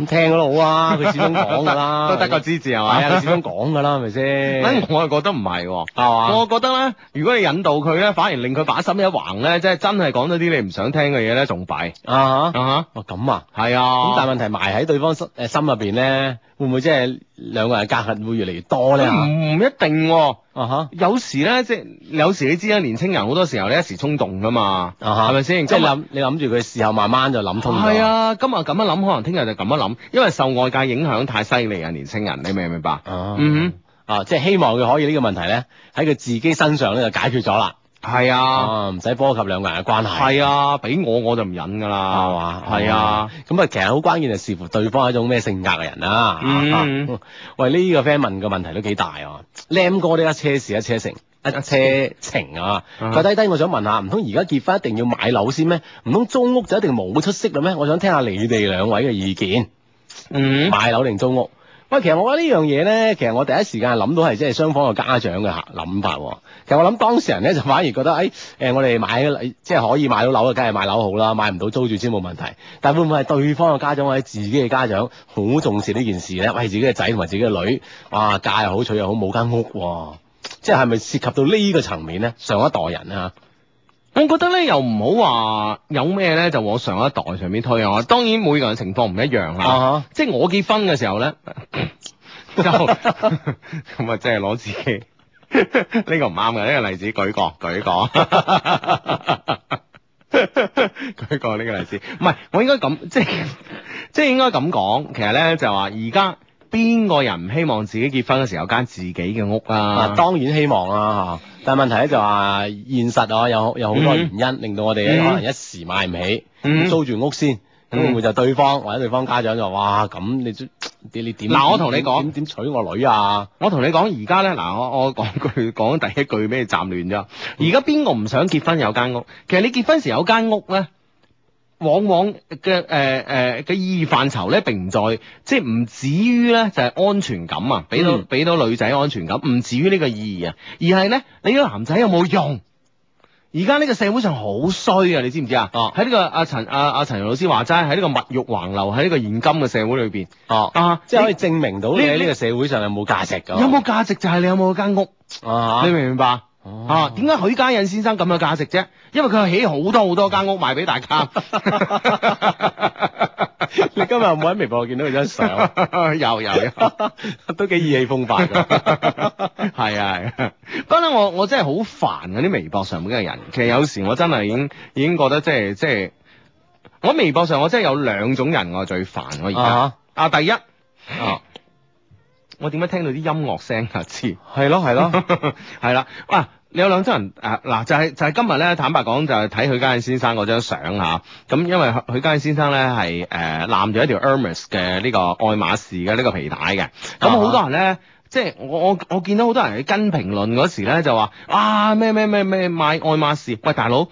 咁聽嗰度好啊，佢 *laughs* 始終講噶啦，都得個知字係咪啊？佢始終講噶啦，係咪先？ *laughs* 我係覺得唔係喎，係嘛？我覺得咧，如果你引導佢咧，反而令佢把心一橫咧，即係真係講到啲你唔想聽嘅嘢咧，仲快！啊嚇啊嚇！哦、huh. 咁、uh huh. 啊，係啊！咁、啊、但係問題埋喺對方心誒心入邊咧，會唔會即、就、係、是？兩個人嘅隔閡會越嚟越多咧，唔一定、哦，啊哈、uh，huh. 有時咧即係有時你知啦，年青人好多時候咧一時衝動噶嘛，啊係咪先？Huh. 是是即係諗晚你諗住佢事後慢慢就諗通咗，係啊，今日咁樣諗可能聽日就咁樣諗，因為受外界影響太犀利啊，年青人，你明唔明白？啊、uh，huh. 嗯，hmm. uh huh. 啊，即係希望佢可以呢個問題咧喺佢自己身上咧就解決咗啦。係啊，唔使、啊、波及兩個人嘅關係。係啊，俾我我就唔忍噶啦，係嘛？係啊，咁啊，嗯嗯、其實好關鍵就視乎對方係一種咩性格嘅人啊。喂，呢、這個 friend 問嘅問題都幾大啊，靚、嗯、哥呢一車事一車成一車情啊，咁、嗯、低低我想問下，唔通而家結婚一定要買樓先咩？唔通租屋就一定冇出息嘅咩？我想聽下你哋兩位嘅意見，嗯，買樓定租屋？喂，其實我覺得呢樣嘢呢，其實我第一時間諗到係即係雙方嘅家長嘅嚇諗法。其實我諗當事人呢，就反而覺得，誒、哎、誒、呃，我哋買即係可以買到樓嘅，梗係買樓好啦，買唔到租住先冇問題。但會唔會係對方嘅家長或者自己嘅家長好重視呢件事呢？為自己嘅仔同埋自己嘅女，哇，嫁又好娶又好冇間屋、啊，即係係咪涉及到呢個層面呢？上一代人啊。我覺得咧又唔好話有咩咧就往上一代上面推啊。當然每個人情況唔一樣啦。Uh huh. 即係我結婚嘅時候咧，就咁啊，即係攞自己呢 *laughs* 個唔啱嘅呢個例子，舉個舉個，舉個呢 *laughs* *laughs* 個、個例子。唔係，我應該咁即係即係應該咁講，其實咧就話而家。邊個人唔希望自己結婚嘅時候有間自己嘅屋啊？啊，當然希望啦，啊，吓，但係問題咧就話現實啊，有有好多原因，嗯、令到我哋可能一時買唔起，嗯，租住屋先。咁會唔會就對方或者對方家長就話，哇，咁你你你點？嗱，我同你講，點點娶我女啊？我同你講，而家咧，嗱，我我講句講第一句俾你暫亂咋。而家邊個唔想結婚有間屋？其實你結婚時有間屋咧。往往嘅誒誒嘅意義範疇咧，並唔在即係唔止於咧就係、是、安全感啊，俾到俾、嗯、到女仔安全感，唔止於呢個意義啊，而係咧你個男仔有冇用？而家呢個社會上好衰啊，你知唔知啊？哦、啊這個，喺呢個阿陳阿阿、啊、陳老師話齋，喺呢個物欲橫流喺呢個現今嘅社會裏邊，哦啊，即係可以證明到你喺呢個社會上有冇價值㗎？有冇價值就係你有冇間屋啊哈？你明唔明白？哦，點解、啊、許家印先生咁嘅價值啫？因為佢起好多好多間屋賣俾大家。 *laughs* *laughs* *laughs* 你今日有冇喺微博，見到佢張相？有有，都幾意氣風發㗎。係啊係啊，不過、啊啊啊、 *laughs* 我我真係好煩啊！啲微博上面嘅人，其實有時我真係已經已經覺得、就是、即係即係，我微博上我真係有兩種人我最煩我而家啊，哈啊第一。Oh. 我點解聽到啲音樂聲啊？知係咯係咯，係啦。哇、 *laughs* 啊！你有兩張人誒嗱、啊，就係、是、就係、是、今日咧。坦白講，就係睇許家印先生嗰張相嚇。咁、啊嗯、因為許家印先生咧係誒攬住一條 Hermès、ER、嘅呢個愛馬仕嘅呢個皮帶嘅。咁好 *laughs* 多人咧，即係我我我見到好多人去跟評論嗰時咧，就話啊咩咩咩咩買愛馬仕。喂，大佬，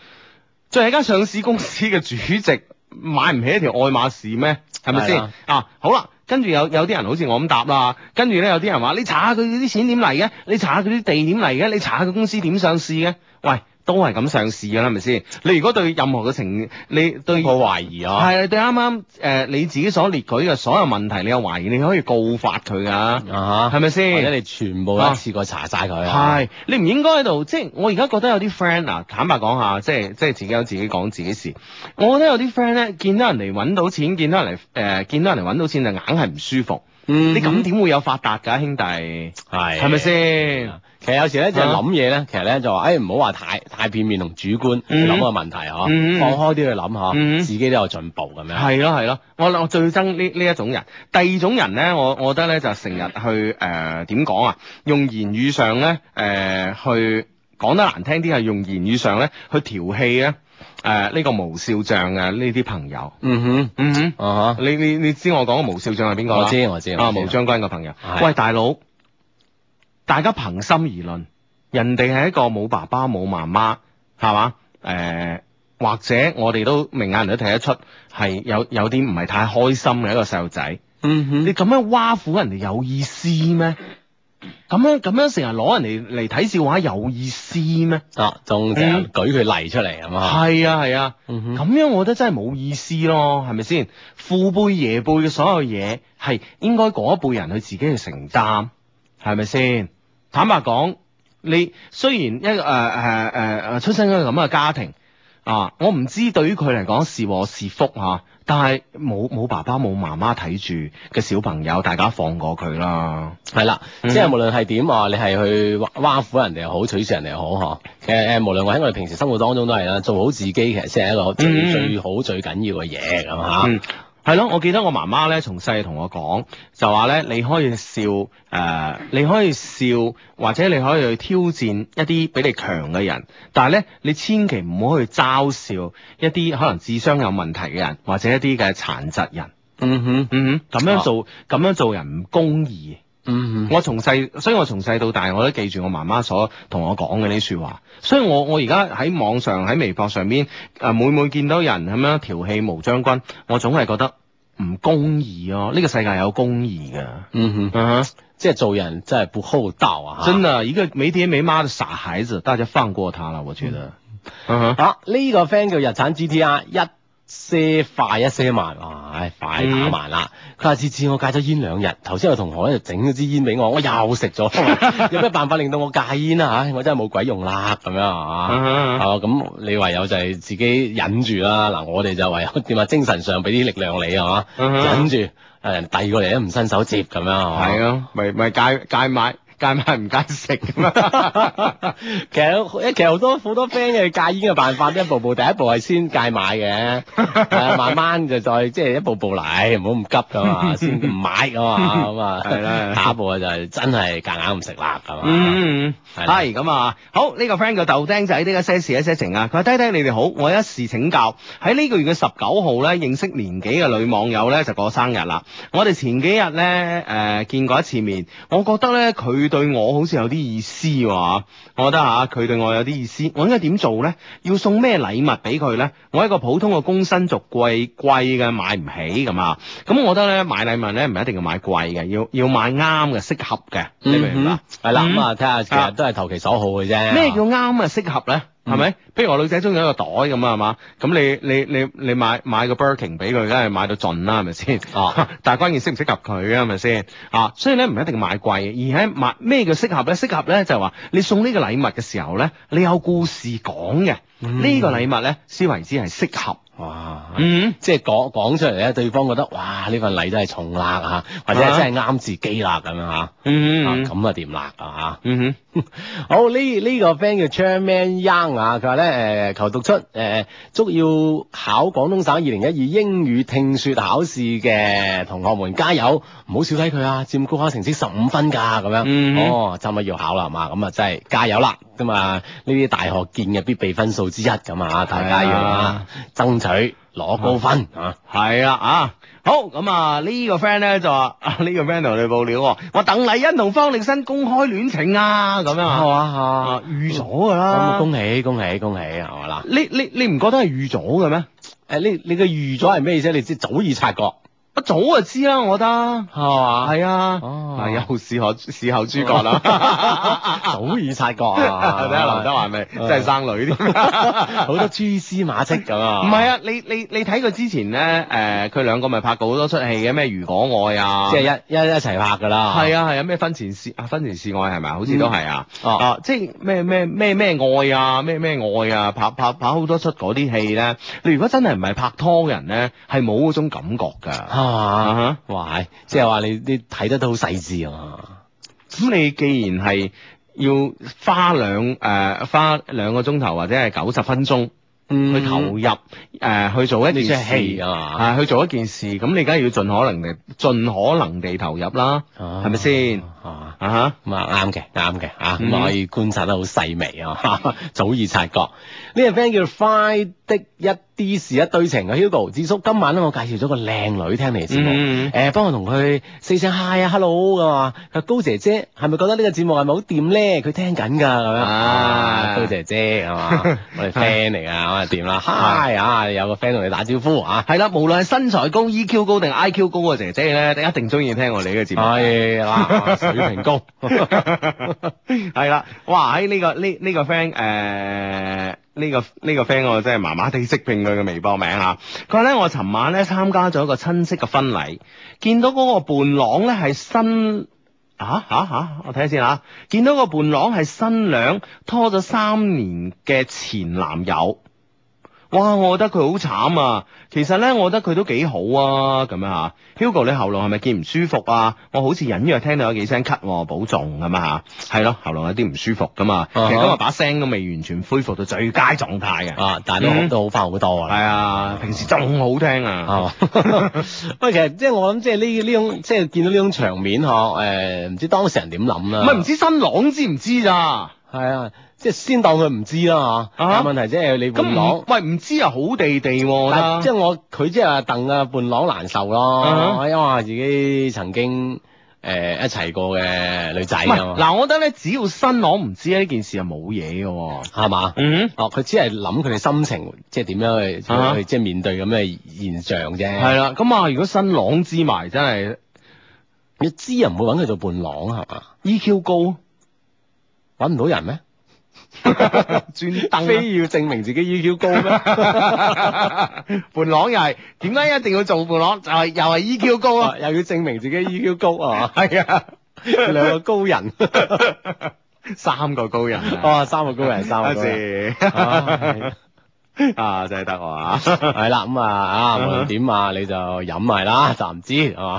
作為一間上市公司嘅主席，買唔起一條愛馬仕咩？係咪先啊？好啦。好好跟住有有啲人好似我咁答啦、啊，跟住咧有啲人話：你查下佢啲錢點嚟嘅？你查下佢啲地點嚟嘅？你查下佢公司點上市嘅？喂！都係咁上市㗎啦，係咪先？你如果對任何嘅情，你對我懷疑啊，係係對啱啱誒你自己所列舉嘅所有問題，你有懷疑，你可以告發佢㗎、啊，係咪先？或者你全部一次過查晒佢，uh。係，你唔應該喺度，即係我而家覺得有啲 friend 啊，坦白講下，即係即係自己有自己講自己事。我覺得有啲 friend 咧，見到人哋揾到錢，見到人哋誒、呃，見到人哋揾到錢就硬係唔舒服。Mm hmm. 你咁點會有發達㗎、啊，brother, 兄弟？係、yes，係咪先？ 其實有時咧就諗嘢咧，其實咧就話，誒唔好話太太片面同主觀諗個問題嗬，放開啲去諗下，自己都有進步咁樣。係咯係咯，我我最憎呢呢一種人。第二種人咧，我我覺得咧就成日去誒點講啊？用言語上咧誒去講得難聽啲，係用言語上咧去調戲咧誒呢個無少將啊呢啲朋友。嗯哼嗯哼，你你你知我講個無少將係邊個？我知我知啊，無將軍個朋友。喂大佬。大家憑心而論，人哋係一個冇爸爸冇媽媽，係嘛？誒、呃，或者我哋都明眼人都睇得出，係有有啲唔係太開心嘅一個細路仔。嗯哼，你咁樣挖苦人哋有意思咩？咁樣咁樣成日攞人哋嚟睇笑話有意思咩？啊，鍾姐舉佢例出嚟係嘛？係啊係啊，咁、啊嗯、哼，咁樣我覺得真係冇意思咯，係咪先？父輩爺輩嘅所有嘢係應該嗰一輩人佢自己去承擔，係咪先？坦白講，你雖然一個誒誒誒誒出生喺咁嘅家庭啊，我唔知對於佢嚟講是禍是福吓、啊，但係冇冇爸爸冇媽媽睇住嘅小朋友，大家放過佢啦。係啦、嗯，即係無論係點啊，你係去挖苦人哋又好，取笑人哋又好嗬。誒、啊、誒，無論我喺我哋平時生活當中都係啦，做好自己其實先係一個最、嗯、最好最緊要嘅嘢咁吓。啊嗯係咯，我記得我媽媽咧，從細同我講，就話咧，你可以笑，誒、呃，你可以笑，或者你可以去挑戰一啲比你強嘅人，但係咧，你千祈唔好去嘲笑一啲可能智商有問題嘅人，或者一啲嘅殘疾人。Mm hmm. 嗯哼，嗯哼，咁樣做，oh, 咁樣做人唔公義。嗯，mm hmm. 我從細，所以我從細到大我都記住我媽媽所同我講嘅呢說話，所以我我而家喺網上喺微博上邊誒、呃、每每見到人咁樣調戲毛將軍，我總係覺得唔公義哦，呢、這個世界有公義嘅，即係做人真係不厚道啊，真的，一個沒爹沒媽嘅傻孩子，大家放過他啦，我覺得，嗯呢個 friend 叫日產 G T R 一些快一些慢，哇！唉，快打慢啦。佢話、嗯：次次我戒咗煙兩日，頭先個同學咧就整咗支煙俾我，我又食咗。有咩 *laughs* 辦法令到我戒煙啊？嚇，我真係冇鬼用啦，咁樣係嘛？哦、 *laughs* 啊，咁你唯有就係自己忍住啦、啊。嗱，我哋就唯有點啊？精神上俾啲力量你啊， *laughs* 忍住，誒、呃、人哋遞過嚟都唔伸手接，咁樣係嘛？係 *laughs* 啊，咪咪戒戒埋。戒買唔戒食咁啊！其實一其實好多好多 friend 嘅戒煙嘅辦法都一步步，第一步係先戒買嘅， *laughs* 慢慢就再即係一步步嚟，唔好咁急噶嘛，先唔買噶嘛咁啊，係啦、 *laughs* *laughs* 嗯，下一步就係真係夾硬唔食辣係嘛？嗯，係的。咁、這個、啊，好呢個 friend 個豆丁仔呢個 set 事呢 set 情啊，佢話：低低你哋好，我一時請教，喺呢個月嘅十九號咧，認識年紀嘅女網友咧就過生日啦。我哋前幾日咧誒見過一次面，我覺得咧佢。佢對我好似有啲意思喎，我覺得吓佢對我有啲意思，我應該點做呢？要送咩禮物俾佢呢？我一個普通嘅工薪族貴，貴貴嘅買唔起咁啊。咁我覺得咧買禮物呢，唔一定要買貴嘅，要要買啱嘅，適合嘅，嗯、哼你明唔明啊？係啦、嗯哼，咁啊，睇下其實都係投其所好嘅啫。咩叫啱嘅、適合呢？係咪？譬如我女仔中意一個袋咁啊，係嘛？咁你你你你買買個 Birkin 俾佢，梗係買到盡啦，係咪先？哦， *laughs* 但係關鍵適唔適合佢啊，係咪先？啊，所以咧唔一定買貴，而係買咩叫適合咧？適合咧就係、是、話你送呢個禮物嘅時候咧，你有故事講嘅、嗯、呢個禮物咧，先為之係適合。哇，嗯，即係講講出嚟咧，對方覺得哇呢份禮真係重辣，嚇，或者真係啱自己啦咁樣嚇，嗯，咁啊點辣？啊，嗯哼，好呢呢個 friend 叫 Chairman Young 啊，佢話咧誒求讀出誒，祝要考廣東省二零一二英語聽説考試嘅同學們加油，唔好少睇佢啊，佔高考成績十五分㗎咁樣，哦，差唔多要考啦係嘛，咁啊真係加油啦㗎啊，呢啲大學見嘅必備分數之一咁啊，大家要啊睇攞高分啊！係啊 *laughs* 啊！好，咁啊呢個 friend 咧就話呢、這個 friend 同你報料，話鄧麗欣同方力申公開戀情啊！咁樣係嘛係預咗噶啦！咁、嗯嗯、恭喜恭喜恭喜係嘛啦！你你你唔覺得係預咗嘅咩？誒，你你嘅預咗係咩意思？你即早已察覺。我早就知啦，我覺得係嘛，係吧啊，哦、啊，又係可，事後諸葛啦， *laughs* 早已察覺啊，係咪劉德華咪 *laughs* 真係生女，好 *laughs* *laughs* 多蛛絲馬跡咁啊。唔係啊，你你你睇佢之前咧，誒、呃，佢兩個咪拍過好多出戲嘅，咩如果愛啊，即係一一一齊拍㗎啦。係啊係啊，咩婚前試啊婚前試愛係咪？好似都係啊，哦即係咩咩咩咩愛啊咩咩愛啊，拍拍拍好多出嗰啲戲咧。你如果真係唔係拍拖嘅人咧，係冇嗰種感覺㗎。 *laughs* 啊！吓、啊，哇！即係話你你睇得都好細致啊！嘛，咁你既然係要花兩誒、uh, 花兩個鐘頭或者係九十分鐘、嗯、去投入誒、uh, 去做一件事，事啊，uh, 去做一件事，咁你梗係要盡可能地盡可能地投入啦，係咪先？啊吓咁啊啱嘅，啱嘅啊！咁、啊嗯、可以觀察得好細微啊， *laughs* 早已察覺呢個 friend 叫快的一。啲事啊，對情嘅 Hugo，智叔今晚咧，我介紹咗個靚女聽你節目，誒、嗯，幫我同佢四聲 Hi 啊，Hello 嘅嘛，高姐姐係咪覺得呢個節目係咪好掂咧？佢聽緊㗎，咁樣啊，高姐姐係嘛，我哋 friend 嚟㗎， *laughs* 我哋掂啦，Hi 啊，有個 friend 同你打招呼啊，係啦，無論係身材高、 *laughs* EQ 高定 IQ 高嘅姐姐咧，一定中意聽我哋呢個節目，係啦，水平高，係啦，哇，喺呢、這個呢呢、這個 friend 誒、呃。呢個呢個 friend 我真係麻麻哋識拼佢嘅微博名吓。佢話咧，我尋晚咧參加咗一個親戚嘅婚禮，見到嗰個伴郎咧係新啊吓吓、啊啊，我睇下先吓、啊，見到個伴郎係新娘拖咗三年嘅前男友。哇，我覺得佢好慘啊！其實咧，我覺得佢都幾好啊，咁樣吓。Hugo，你喉嚨係咪見唔舒服啊？我好似隱約聽到有幾聲咳，我保重咁啊吓。係咯，喉嚨有啲唔舒服咁嘛。啊、其實今日把聲都未完全恢復到最佳狀態嘅，啊，但係都好、嗯、都好快好多啊。係啊，平時仲好聽啊。喂，其實即係我諗，即係呢呢種即係見到呢種場面，嗬？誒，唔知當事人點諗啊，唔係唔知，知新郎知唔知咋？係啊。啊即係先當佢唔知啦，吓、uh。Huh? 但問題即係你伴郎，喂唔知啊好地地、啊，但啊、即係我佢即係鄧啊伴郎難受咯，uh huh? 因為自己曾經誒、呃、一齊過嘅女仔、uh。嗱、huh?，我覺得咧，只要新郎唔知呢件事係冇嘢嘅，係嘛？嗯哦、uh，佢、huh? 啊、只係諗佢哋心情，即係點樣去、uh huh? 去即係面對咁嘅現象啫。係啦、uh，咁、huh? 啊，如果新郎知埋，真係你知人唔會搵佢做伴郎啊？係嘛？EQ 高搵唔到人咩？轉燈， *laughs* 轉燈啊、非要證明自己 EQ 高咩？ *laughs* 伴郎又係，點解一定要做伴郎？就係又係 EQ 高啊， *laughs* 又要證明自己 EQ 高啊嘛、啊哦？係啊，兩個高人，三個高人，哇、啊，三個高人，三個字。啊，真、就、係、是、得我啊，係 *laughs* 啦、 *laughs* 嗯，咁、嗯、啊啊，無論點啊，你就飲埋啦，就唔知係嘛？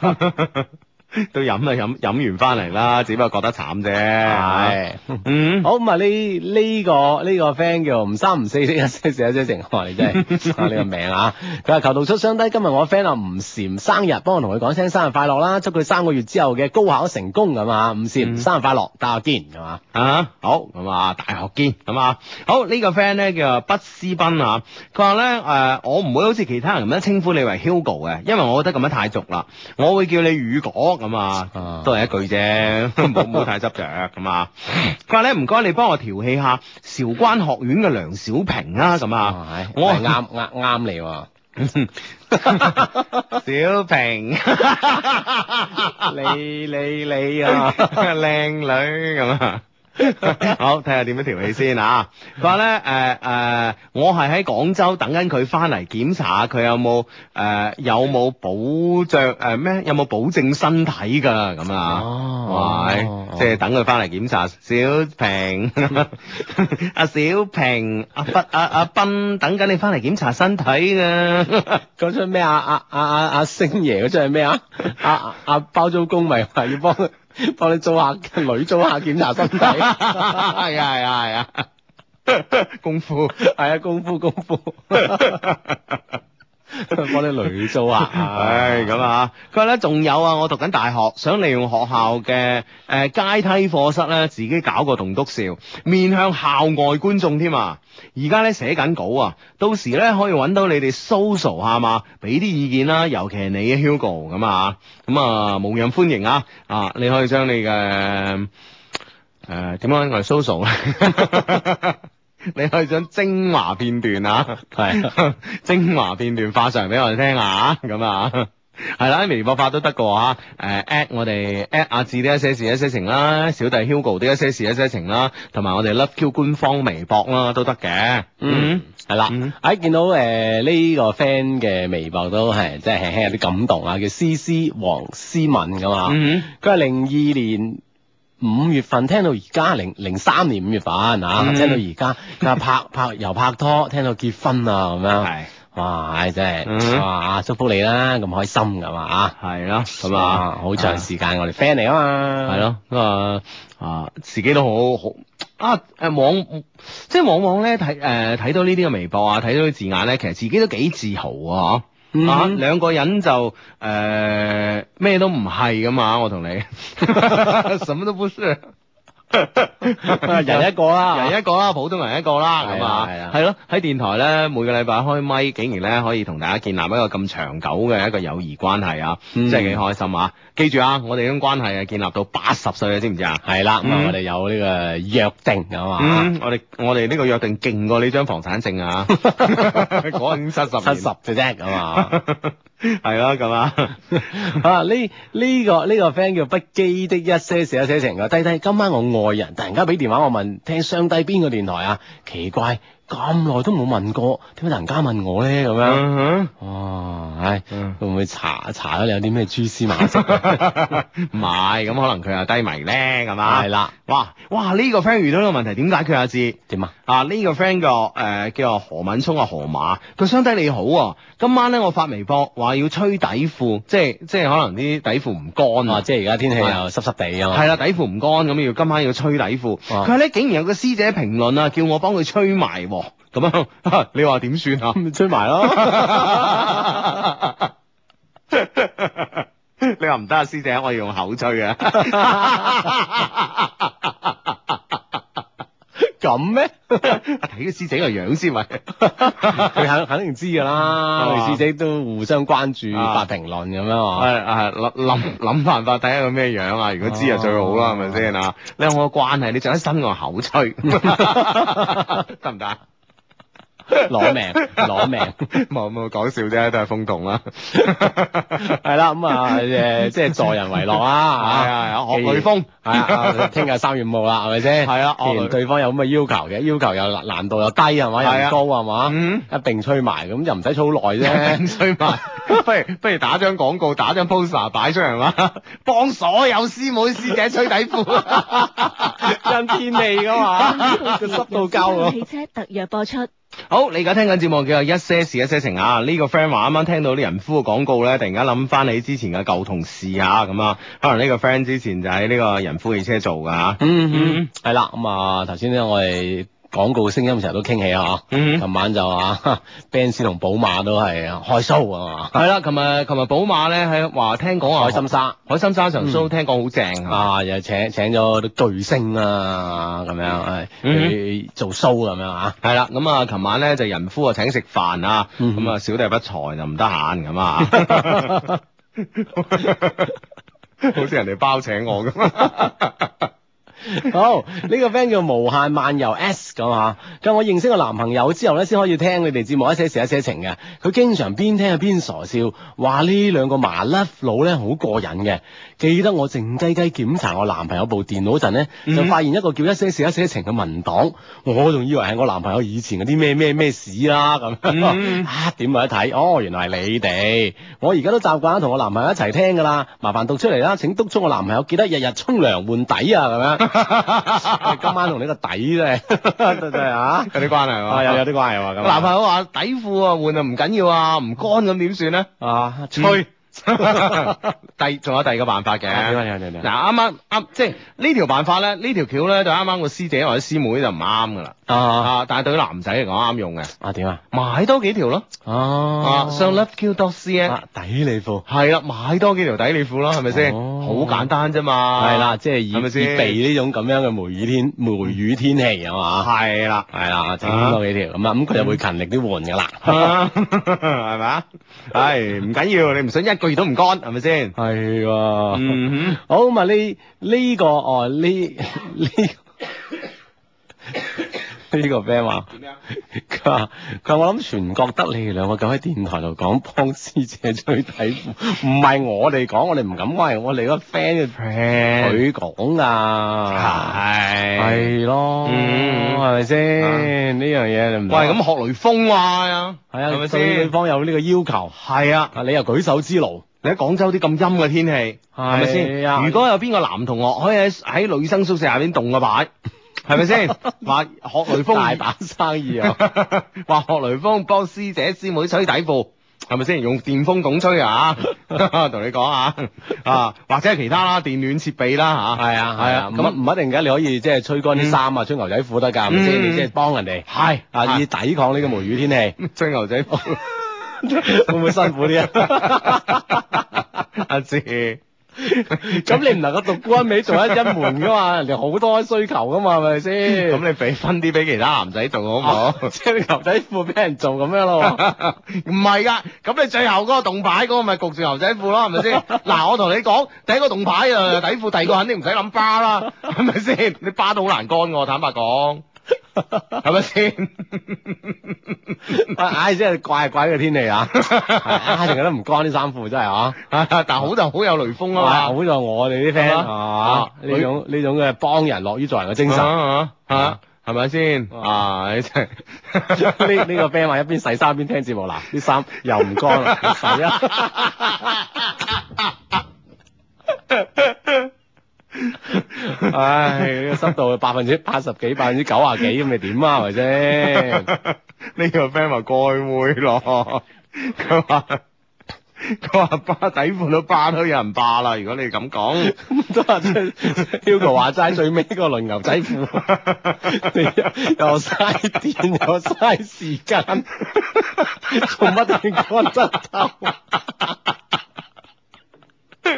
啊 *laughs* 都飲啦，飲飲完翻嚟啦，只不過覺得慘啫，係、哎、 *laughs* 嗯好咁啊，呢呢個呢、這個 friend 叫唔三唔四，一四四阿姐成，我哋 *laughs* 真係啊呢個名啊，佢話、啊、求道出雙低，今日我 friend 啊吳蟬生日，幫我同佢講聲生日快樂啦，祝佢三個月之後嘅高考成功咁啊，吳蟬生日快樂，嗯、大學見係嘛啊好咁啊大學見咁啊好、這個、呢個 friend 咧叫不思賓啊，佢話咧誒我唔會好似其他人咁樣稱呼你為 Hugo 嘅，因為我覺得咁樣太俗啦，我會叫你雨果。咁啊都係一句啫，唔好 *laughs* 太執着咁啊！佢話咧，唔該，你幫我調戲下韶關學院嘅梁小平啊，咁啊，是是我係啱啱啱你喎，小平， *laughs* 你你你啊，靚 *laughs* 女咁啊！ *laughs* 好，睇下點樣調氣先啊！佢話咧，誒、呃、誒、呃，我係喺廣州等緊佢翻嚟檢查，佢有冇誒有冇保障誒咩？有冇保證身體㗎咁啊？哇！Oh, oh, oh, oh. 即係等佢翻嚟檢查，小平阿 *laughs* 小平阿斌阿阿斌等緊你翻嚟檢查身體㗎、 *laughs* 啊啊啊啊啊。講出咩？阿阿阿阿阿星爺嗰張係咩啊？阿、啊、阿、啊、包租公咪話要幫。啊 *laughs* *laughs* 幫 *laughs* 你做下 *laughs* 女，做下檢查身體，係啊係啊係啊，功夫係啊功夫功夫。 *laughs* 我 *laughs* 你女租、 *laughs* 哎、啊！唉，咁啊，佢話咧仲有啊，我讀緊大學，想利用學校嘅誒階梯課室咧，自己搞個棟篤笑，面向校外觀眾添啊！而家咧寫緊稿啊，到時咧可以搵到你哋 soso 下嘛，俾啲意見啦、啊，尤其係你啊 Hugo 咁啊，咁啊，無任歡迎啊啊！你可以將你嘅誒點樣嚟 soso 咧。你可以想精華片段啊，係 *laughs* *laughs* 精華片段發上俾我哋聽下啊，咁啊，係 *laughs* 啦，微博發都得嘅 At 我哋 At 阿志啲一些事一些情啦，小弟 Hugo 啲一些事一些情啦，同埋我哋 LoveQ 官方微博啦、啊、都得嘅，mm hmm. 嗯，係啦，喺、mm hmm. 見到誒呢、呃呢個 friend 嘅微博都係即係輕輕有啲感動啊，叫 C C 黃思敏㗎嘛，佢係零二年。五月份聽到而家零零三年五月份啊，聽到而家 *laughs* 拍拍又拍拖，聽到結婚啊咁樣係哇，哎、真係啊、嗯，祝福你啦，咁開心㗎嘛，啊係咯咁啊，好長時間我哋 friend 嚟啊嘛，係咯咁啊啊自己都好好啊，誒，往、啊啊、即係往往咧睇誒睇到呢啲嘅微博啊，睇到啲字眼咧，其實自己都幾自豪啊 Mm-hmm. 啊，兩個人就誒咩都唔係咁嘛，我同你，什麼都不是。 *laughs* 人一個啦，人一個啦，普通人一個啦，係嘛？係啊，係咯，喺電台咧每個禮拜開咪，竟然咧可以同大家建立一個咁長久嘅一個友誼關係啊，真係幾開心啊！記住啊，我哋呢種關係啊建立到八十歲啊，知唔知啊？係啦，咁啊，我哋有呢個約定㗎嘛？嗯，我哋我哋呢個約定勁過你張房產證啊！講緊七十，七十啫啫咁啊！.係啦，咁 *laughs* 啊，啊呢 *laughs* 呢、啊這個呢、這個 friend 叫不羈的一些事一些情嘅，睇睇今晚我愛人突然間俾電話我問，聽上低邊個電台啊？奇怪。咁耐都冇問過，點解突然間問我咧？咁樣，uh huh. 哇，唉，會唔會查查咗有啲咩蛛絲馬跡？唔係， *laughs* *laughs* *laughs* 咁可能佢又低迷咧，咁嘛？係啦、嗯，哇哇，呢、這個 friend 遇到呢個問題點解佢又知？點啊？啊、呃，呢個 friend 個誒叫何敏聰啊，何馬，佢相對你好。今晚咧，我發微博話要吹底褲，即係即係可能啲底褲唔乾啊，啊即係而家天氣又濕濕地啊嘛。係啦對、嗯，底褲唔乾咁要今晚要吹底褲。佢咧哇竟然有個師姐評論啊，叫我幫佢吹埋。咁啊，你話點算啊？吹埋咯！ *laughs* 你話唔得啊，師姐，我要用口吹啊！咁 *laughs* 咩樣？睇 *laughs* 個師姐個樣先咪？你 *laughs* *laughs* 肯肯定知噶啦。我哋 *laughs* 師姐都互相關注、發評論咁樣啊？係係諗諗諗辦法睇下佢咩樣啊？如果知啊最好啦，係咪先啊？啊你有我個關係，你着喺身個口吹得唔得？ *laughs* *laughs* 行攞命，攞命，冇冇講笑啫，都係風筒啦。係啦，咁啊，誒，即係助人為樂啦。係啊，學雷鋒。係啊，聽日三月五號啦，係咪先？係啊，既然對方有咁嘅要求嘅，要求又難度又低，係嘛，又唔高，係嘛，一定吹埋。咁又唔使操好耐啫，吹埋。不如不如打張廣告，打張 poster 擺出嚟，嘛，幫所有師妹師姐吹底褲。陰天氣嘅嘛，濕度夠啊。好，你而家聽緊節目叫做《一些事一些情》，吓、啊。呢個 friend 話啱啱聽到啲仁孚嘅廣告咧，突然間諗翻你之前嘅舊同事啊，咁啊，可能呢個 friend 之前就喺呢個仁孚汽車做㗎吓、嗯。嗯嗯，係啦，咁啊，頭先咧我哋。廣告嘅聲音成日都傾起、mm hmm. 啊！嗯，琴晚就啊，奔馳同寶馬都係開 show 啊嘛。係啦， *laughs* 琴日琴日寶馬咧，係話聽講啊，海心沙，mm hmm. 海心沙場 show、mm hmm. 聽講好正啊，又請請咗啲巨星啊，咁樣係、mm hmm. 去做 show 咁樣、mm hmm. 啊。係啦，咁啊，琴晚咧就人夫啊請食飯、mm hmm. 啊，咁啊小弟不才就唔得閒，咁啊， *laughs* *laughs* 好似人哋包請我咁 *laughs* 好呢個 friend 叫無限漫遊 S 咁吓，咁我認識個男朋友之後咧，先可以聽佢哋節目一些事一些情嘅。佢經常邊聽啊邊傻笑，話呢兩個麻甩佬咧好過癮嘅。記得我靜雞雞檢查我男朋友部電腦嗰陣咧，嗯、就發現一個叫一些《一些事一些情》嘅文檔。我仲以為係我男朋友以前嗰啲咩咩咩事啦咁，啊點開睇？哦，原來係你哋。我而家都習慣同我男朋友一齊聽噶啦，麻煩讀出嚟啦。請督促我男朋友記得日日沖涼換底啊咁樣。今晚同你個底對對啊有啲關係啊！有有啲關係喎咁。男朋友話底褲啊換啊唔緊要啊，唔乾咁點算咧？啊吹！第仲有第二個辦法嘅，嗱啱啱啱即係呢條辦法咧，呢條橋咧就啱啱個師姐或者師妹就唔啱噶啦，啊但係對於男仔嚟講啱用嘅，啊點啊？買多幾條咯，啊上 loveq.com 底你褲，係啦，買多幾條底你褲咯，係咪先？好簡單啫嘛，係啦，即係以以避呢種咁樣嘅梅雨天梅雨天氣啊嘛，係啦係啦，整多幾條咁啊，咁佢就會勤力啲換噶啦，係咪？係唔緊要，你唔想一個月都唔乾，係咪先？係，好， *noise* 咁啊，呢呢個哦，呢呢。呢個 friend 話，佢話我諗全國得你哋兩個咁喺電台度講幫師姐追體，唔係我哋講，我哋唔敢，因為我哋個 friend 佢講啊。係係咯，係咪先？呢樣嘢你唔？喂，咁學雷鋒啊，係啊，係咪先？對方有呢個要求，係啊，你又舉手之勞，你喺廣州啲咁陰嘅天氣，係咪先？如果有邊個男同學可以喺喺女生宿舍下邊動個擺？係咪先？話 *laughs* *laughs* 學雷鋒大把生意啊！話 *laughs* 學雷鋒幫師姐師妹吹底褲，係咪先？用電風筒吹啊！同 *laughs* 你講下，啊， *laughs* 或者係其他啦，電暖設備啦吓，係啊係啊，咁唔、啊啊嗯、一定噶，你可以即係吹乾啲衫啊、嗯吹，吹牛仔褲得噶，即你即係幫人哋係啊，以抵抗呢個梅雨天氣，吹牛仔褲會唔會辛苦啲啊？阿志。咁 *laughs* 你唔能夠獨沽一味做一,一門噶嘛，人哋好多需求噶嘛，係咪先？咁 *laughs* 你俾分啲俾其他男仔做好唔好？即係、 *laughs* 啊就是、牛仔褲俾人做咁樣咯？唔係噶，咁你最後嗰個動牌嗰個咪焗住牛仔褲咯，係咪先？嗱， *laughs* *laughs* 我同你講，第一個動牌啊底褲，第二個肯定唔使諗巴啦，係咪先？ *laughs* 你巴都好難乾噶，坦白講。係咪先？唉，真係怪怪嘅天氣啊！唉，成日都唔乾啲衫褲真係啊！但好就好有雷鋒啊嘛，好在我哋啲 friend 啊，呢種呢種嘅幫人樂於助人嘅精神啊，係咪先？啊，呢呢個 friend 話一邊洗衫一邊聽節目嗱，啲衫又唔乾啦，洗啊！ *laughs* 唉，呢、這個、濕度百分之八十幾，百分之九啊幾咁，你點啊？係咪先？呢個 friend 話過會咯，佢話佢話巴底褲都巴都有人霸啦。如果你咁講， *laughs* 都話真係 Hugo 話齋最尾個輪牛仔褲， *laughs* 又嘥電又嘥時間，做乜嘢講得 *laughs*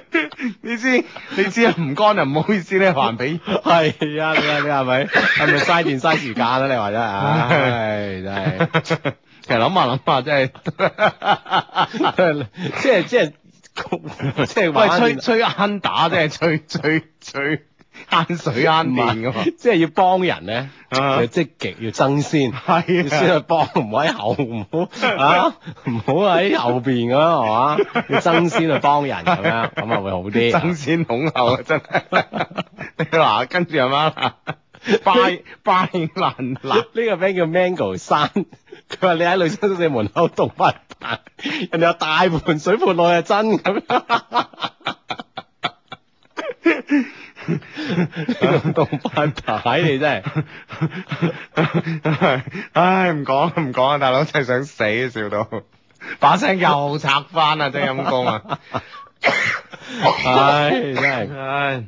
*laughs* 你知，你知啊？唔乾啊，唔好意思咧，還俾。係 *laughs* 啊，你話你話咪？係咪嘥電嘥時間啦、啊？你話啫唉，真、哎、係，其實諗下諗下真係，即係即係即係話吹吹啱打，真係吹吹吹。吹吹慳水啱面噶嘛，即係要幫人咧，要積極，要爭先，係先去幫，唔好喺後，唔好啊，唔好喺後邊噶啦，係嘛，要爭先去幫人咁樣，咁啊會好啲。爭先恐後啊真，你話跟住係嘛？拜拜蘭蘭，呢個名叫 Mango 山，佢話你喺女生宿舍門口凍翻，人哋有大盆水盆內啊真咁到白仔你真係， *laughs* *laughs* 唉唔講唔講啊大佬，真係想死笑到，把聲又拆翻啊 *laughs* 真陰功啊，唉真係，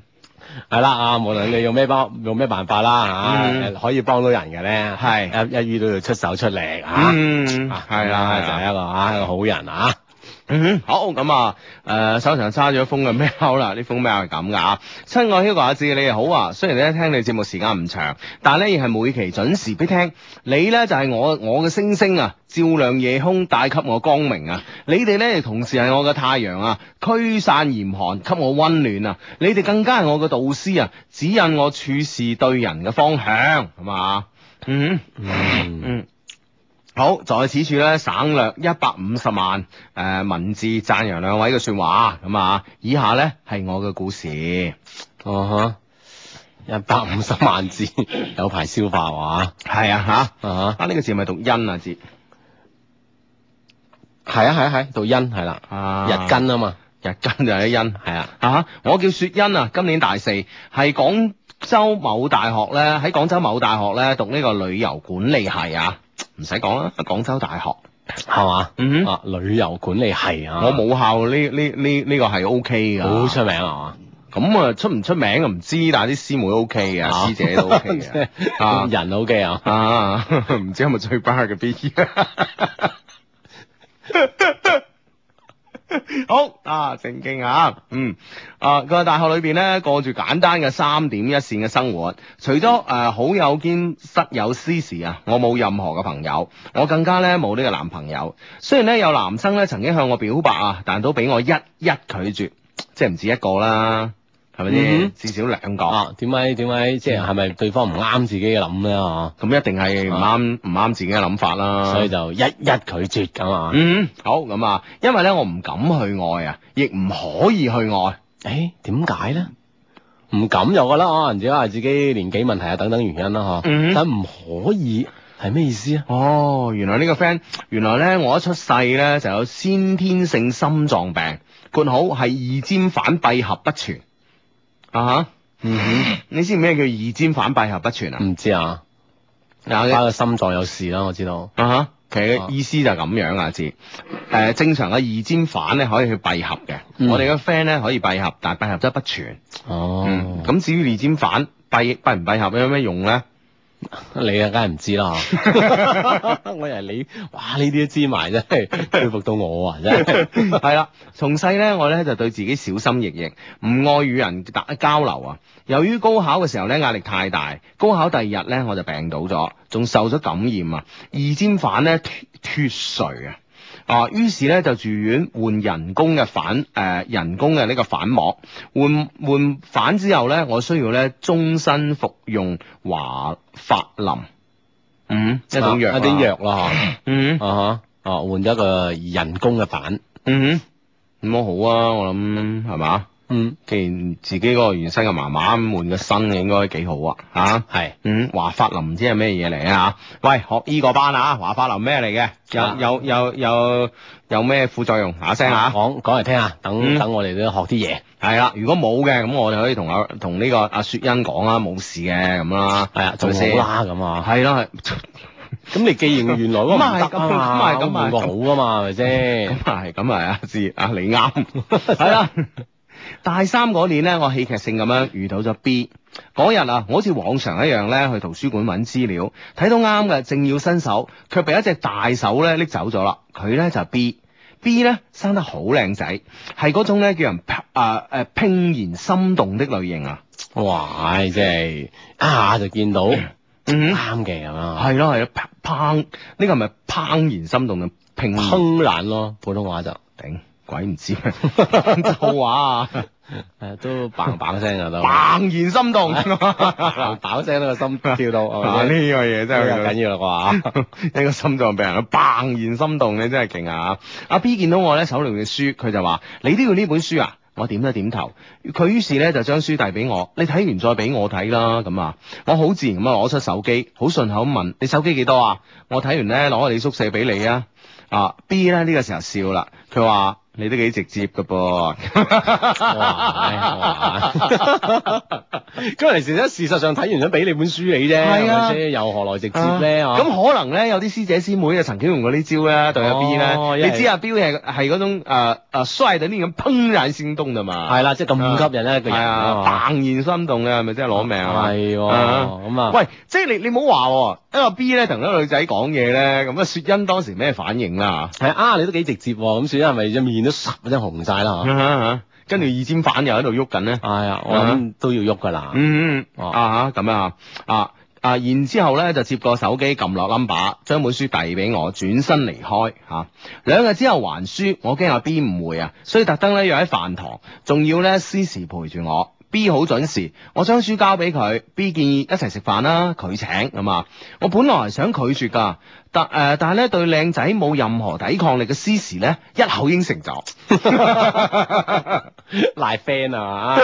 係啦啊無論你用咩方法用咩辦法啦吓、嗯啊，可以幫到人嘅咧係一於都要出手出力吓，係、嗯啊、啦就係一個吓一個好人啊。嗯哼，好咁啊，誒、呃，手上揸住咗封嘅 mail 啦，呢封 mail 係咁噶啊，親愛 h u 阿 o 你哋好啊，雖然咧聽你節目時間唔長，但咧亦係每期準時必聽。你咧就係、是、我我嘅星星啊，照亮夜空，帶給我光明啊。你哋咧同時係我嘅太陽啊，驅散嚴寒，給我溫暖啊。你哋更加係我嘅導師啊，指引我處事對人嘅方向，係嘛、嗯？嗯嗯。好，在此處咧省略一百五十萬誒、呃、文字讚揚兩位嘅說話咁啊。以下咧係我嘅故事。哦呵、uh，一百五十萬字 *laughs* 有排消化哇？係啊，吓啊，呢個字係咪讀音啊字？係啊係啊係，讀音係啦，日根啊嘛，日根就係音係啊。啊，我叫雪茵啊，今年大四，喺廣州某大學咧，喺廣州某大學咧讀呢個旅遊管理系啊。唔使講啦，廣州大學係嘛？嗯啊，旅遊管理係啊，我母校呢呢呢呢個係 O K 噶，好出名啊，咁啊出唔出名唔知，但係啲師妹 O K 嘅，師姐都 O K 嘅，啊人 O K 啊，唔知係咪最 bar 嘅 B？ *laughs* 好啊，正經、嗯、啊，嗯啊佢喺大學裏邊咧過住簡單嘅三點一線嘅生活，除咗誒、呃、好友兼室友私事啊，我冇任何嘅朋友，我更加咧冇呢個男朋友。雖然咧有男生咧曾經向我表白啊，但都俾我一一拒絕，即係唔止一個啦。係咪先？至、嗯、哼少兩個啊，點解？點解？即係咪對方唔啱自己嘅諗咧？咁一定係唔啱，唔啱、啊、自己嘅諗法啦。所以就一一拒絕噶嘛。嗯，好咁啊，因為咧，我唔敢去愛啊，亦唔可以去愛。誒、欸，點解咧？唔敢又覺得，嗬、啊，或者話自己年紀問題啊，等等原因啦，嗬、啊。嗯、哼但唔可以係咩意思啊？哦，原來呢個 friend，原來咧我一出世咧就有先天性心臟病，冠好係二尖反閉合不全。啊吓，嗯哼，你知唔知咩叫二尖瓣閉合不全不啊？唔知啊，阿家嘅心臟有事啦、啊，我知道。啊吓、uh，huh. 其實意思就係咁樣啊，知。誒、uh，huh. 正常嘅二尖瓣咧可以去閉合嘅，mm. 我哋個 friend 咧可以閉合，但係閉合得不全。哦、oh. 嗯。咁至於二尖瓣閉閉唔閉合有咩用咧？ *laughs* 你啊，梗係唔知啦。我以為你，哇，呢啲都知埋，真係佩服到我啊，真係。 *laughs* *laughs* *laughs* 係啦，從細咧，我呢就對自己小心翼翼，唔愛與人打交流啊。由於高考嘅時候咧壓力太大，高考第二日呢，我就病倒咗，仲受咗感染啊，二尖瓣呢，脱脱垂啊。啊，於是咧就住院換人工嘅反，誒、呃、人工嘅呢個反膜，換換反之後咧，我需要咧終身服用華法林，嗯哼，一種藥啊，啲藥咯，嗯，啊哈，啊換咗一個人工嘅反，嗯哼，咁好啊，我諗係嘛。嗯，既然自己嗰個原生嘅媽媽換個新嘅，應該幾好啊？嚇，係，嗯，華法林唔知係咩嘢嚟啊？嚇，喂，學醫嗰班啊，華法林咩嚟嘅？有有有有有咩副作用？下聲嚇，講講嚟聽下，等等我哋都學啲嘢。係啦，如果冇嘅，咁我哋可以同阿同呢個阿雪欣講啊，冇事嘅咁啦。係啊，就好啦咁啊。係咯，咁你既然原來咁唔得啊嘛換個好啊嘛，係咪先？咁啊咁啊啊，知啊，你啱。係啦。大三嗰年咧，我戲劇性咁樣遇到咗 B。嗰日啊，我好似往常一樣咧去圖書館揾資料，睇到啱嘅，正要伸手，卻被一隻大手咧拎走咗啦。佢咧就 B，B、是、咧生得好靚仔，係嗰種咧叫人誒誒怦然心動的類型啊！哇，即係一下就見到，啱嘅係嘛？係咯係咯，砰！呢、這個係咪怦然心動嘅，平怦冷咯？普通話就頂。鬼唔知，粗話啊！誒，都砰砰聲啊，砰然心動，砰聲咧個心跳到，呢個嘢真係緊要啦，我話呢個心臟病人都砰然心動，你真係勁啊！阿 B 見到我咧手裏面嘅書，佢就話：你都要呢本書啊！我點都點頭。佢於是咧就將書遞俾我，你睇完再俾我睇啦。咁啊，我好自然咁啊攞出手機，好順口咁問：你手機幾多啊？我睇完咧攞去你宿舍俾你啊！啊 B 咧呢個時候笑啦，佢話。你都幾直接㗎噃，咁有時呢事實上睇完咗俾你本書你啫，係咪又何來直接咧？咁可能咧有啲師姐師妹啊，曾經用過呢招咧對阿 B 咧，你知阿 B 係係嗰種誒衰到啲咁怦然心動㗎嘛，係啦，即係咁急人一個人，怦然心動嘅係咪真係攞命啊？係喎，咁啊，喂，即係你你唔好話，阿 B 咧同啲女仔講嘢咧，咁啊雪欣當時咩反應啦？係啊，你都幾直接咁，雪欣係咪變咗十隻紅晒啦、啊啊啊，跟住二尖反又喺度喐緊呢，係啊，我諗都要喐噶啦，嗯，啊吓咁啊，啊啊,啊,啊,啊,啊,啊然之後咧就接個手機撳落 number，將本書遞俾我，轉身離開，吓、啊，兩日之後還書，我驚阿 B 誤會啊，所以特登呢，要喺飯堂，仲要呢，私時陪住我。B 好準時，我將書交俾佢。B 建議一齊食飯啦，佢請，咁啊，我本來想拒絕噶，但誒、呃，但係咧對靚仔冇任何抵抗力嘅私事咧，一口應承咗。賴 *laughs* *laughs* *laughs* friend 啊嘛，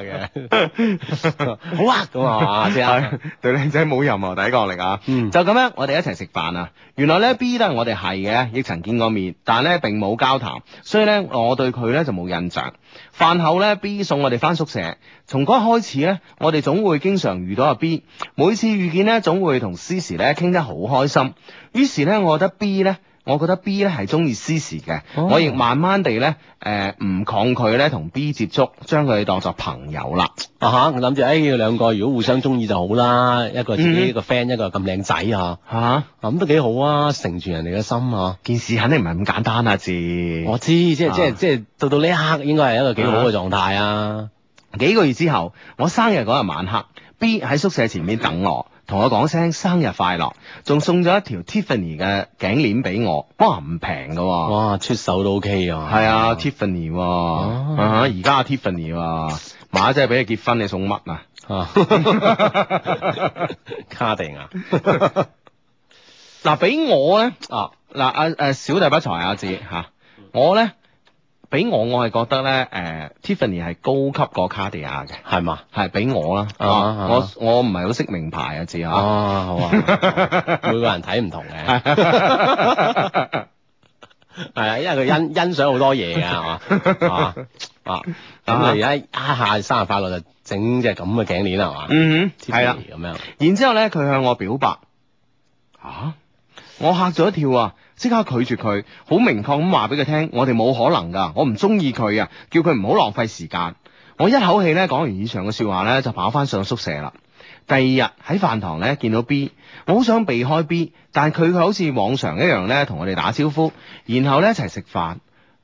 嘅、啊、 *laughs* *laughs* 好啊，咁啊，知、啊、啦。 *laughs* *laughs* 對靚仔冇任何抵抗力啊，嗯、就咁樣，我哋一齊食飯啊。原來咧 B 都係我哋係嘅，亦曾見過面，但係咧並冇交談，所以咧我對佢咧就冇印象。飯後咧，B 送我哋翻宿舍。從嗰開始咧，我哋總會經常遇到阿 B。每次遇見咧，總會同詩詩咧傾得好開心。於是咧，我覺得 B 咧。我覺得 B 咧係中意詩詩嘅，哦、我亦慢慢地咧，誒、呃、唔抗拒咧同 B 接觸，將佢當作朋友啦。啊哈！我諗住誒，兩、哎、個如果互相中意就好啦，一個自己一個 friend、嗯、哼一個咁靚仔啊。吓咁都幾好啊，成全人哋嘅心啊。件事肯定唔係咁簡單啊，字我知，即係、啊、即係即係到到呢一刻，應該係一個幾好嘅狀態啊。幾個月之後，我生日嗰日晚黑，B 喺宿舍前面等我。嗯同我講聲生日快樂，仲送咗一條 Tiffany 嘅頸鏈俾我，哇唔平噶，啊、哇出手都 OK 啊，係啊，啊 Tiffany，啊而家、啊啊、Tiffany 馬仔俾佢結婚，你送乜啊？卡定啊，嗱俾我咧啊嗱阿誒小弟不才阿志吓，我咧。俾我，我係覺得咧，誒、呃、Tiffany 係高級過卡地亞嘅，係嘛？係 *noise* 俾我啦，啊、我我唔係好識名牌啊，字啊？啊，好啊， *laughs* 每個人睇唔同嘅，係 *laughs* 啊， *laughs* 因為佢欣 *laughs* 欣賞好多嘢嘅，係嘛？啊，咁你而家一下生日快樂就整隻咁嘅頸鏈係嘛？嗯哼，係啊，咁樣。然之後咧，佢向我表白。啊？我嚇咗一跳啊！即刻拒絕佢，好明確咁話俾佢聽，我哋冇可能噶，我唔中意佢啊！叫佢唔好浪費時間。我一口氣咧講完以上嘅說話咧，就跑翻上宿舍啦。第二日喺飯堂咧見到 B，我好想避開 B，但係佢佢好似往常一樣咧同我哋打招呼，然後咧一齊食飯。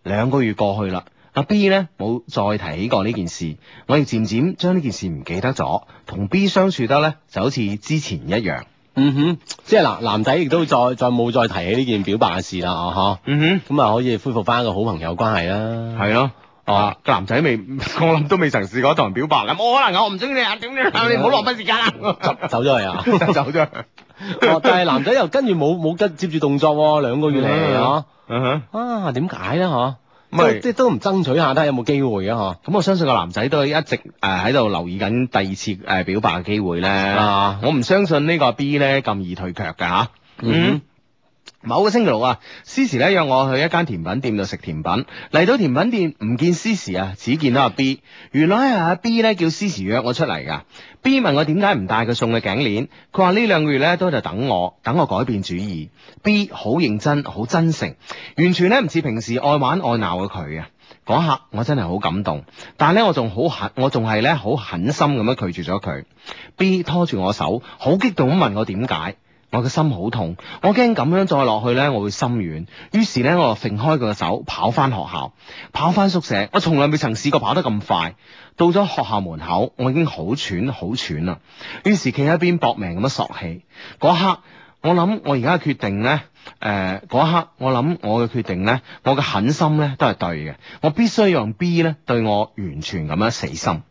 兩個月過去啦，阿 B 咧冇再提起過呢件事，我亦漸漸將呢件事唔記得咗，同 B 相處得咧就好似之前一樣。嗯哼，即係男男仔亦都再再冇再提起呢件表白嘅事啦，哦、啊、嗬。嗯哼，咁啊可以恢復翻一個好朋友關係啦。係咯、啊，啊個男仔都未，我諗都未曾試過同人表白嘅，冇、啊、可能噶，我唔中意你、啊，點、啊啊、你、啊，唔好浪費時間啦。走咗嚟 *laughs* 啊，走咗，但係男仔又跟住冇冇跟接住動作，兩個月嚟嗬。哼、啊啊啊，啊點解咧嗬？唔係，即係都唔是爭取下睇下有冇機會啊？呵。咁我相信個男仔都係一直誒喺度留意緊第二次誒、呃、表白嘅機會咧的、啊。我唔相信呢個 B 咧咁易退卻，㗎吓。嗯、啊。Mm hmm. 某個星期六啊，思時咧約我去一間甜品店度食甜品。嚟到甜品店唔見思時啊，只見到阿、啊、B。原來係、啊、阿 B 咧叫思時約我出嚟噶。B 問我點解唔帶佢送嘅頸鏈，佢話呢兩個月咧都喺度等我，等我改變主意。B 好認真，好真誠，完全咧唔似平時愛玩愛鬧嘅佢啊。嗰刻我真係好感動，但係咧我仲好狠，我仲係咧好狠心咁樣拒絕咗佢。B 拖住我手，好激動咁問我點解。我嘅心好痛，我驚咁樣再落去呢，我會心軟。於是呢，我就甩開佢嘅手，跑翻學校，跑翻宿舍。我從來未曾試過跑得咁快。到咗學校門口，我已經好喘，好喘啦。於是企喺一邊搏命咁樣索氣。嗰一刻，我諗我而家決定呢，誒、呃，嗰一刻我諗我嘅決定呢，我嘅狠心呢都係對嘅。我必須讓 B 呢對我完全咁樣死心。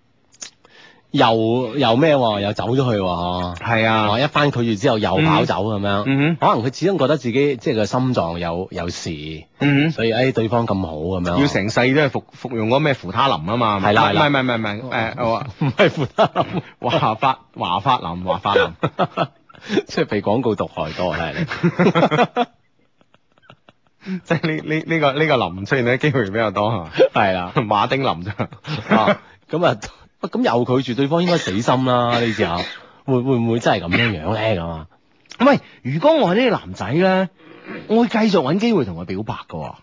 又又咩？又走咗去嗬？係啊！一翻佢月之後又跑走咁樣，可能佢始終覺得自己即係個心臟有有事，所以誒對方咁好咁樣。要成世都係服服用嗰咩扶他林啊嘛？係啦，唔係唔係唔係誒，我話唔係扶他林，華法華法林，華法林，即係被廣告毒害多啊！即係呢呢呢個呢個林出現咧機會比較多啊！係啦，馬丁林就咁啊。咁又拒絕對方，應該死心啦。呢次啊，會會唔會真係咁樣樣咧咁啊？唔係， *coughs* 如果我係呢個男仔咧，我會繼續揾機會同佢表白嘅，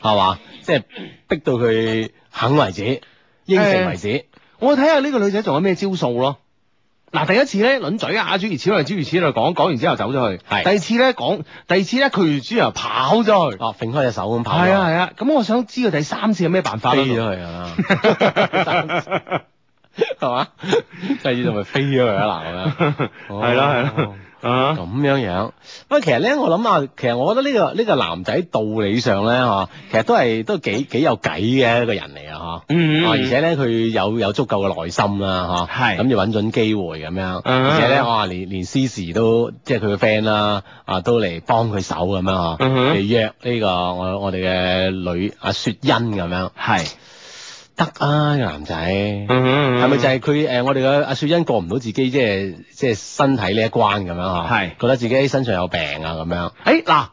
係嘛？ *coughs* 即係逼到佢肯為止，應承為止。 *coughs* 我睇下呢個女仔仲有咩招數咯。嗱，第一次咧，攆嘴啊，諸如此類，諸如此類講講完之後走咗去。係是。第二次咧講，第二次咧佢如珠啊跑咗去。哦，揈開隻手咁跑。係啊，係啊，咁、啊啊、我想知道第三次有咩辦法？飛啊！ *coughs* *coughs* *coughs* *coughs* *coughs* 係嘛，第二度咪飛咗佢啦咁樣，係啦係啦，啊咁樣樣。不過其實咧，我諗下，其實我覺得呢個呢個男仔道理上咧，吓，其實都係都幾幾有計嘅一個人嚟啊，吓、huh? yeah. yeah. yeah. mm。而且咧，佢有有足夠嘅耐心啦，吓。係。咁就揾準機會咁樣，而且咧，哇，連連 C 都即係佢嘅 friend 啦，啊，都嚟幫佢手咁樣吓，嚟約呢個我我哋嘅女啊雪欣咁樣，係。得啊，個男仔，係咪就係佢誒？我哋個阿雪欣過唔到自己，即係即係身體呢一關咁樣嚇，係覺得自己身上有病啊咁樣。誒嗱，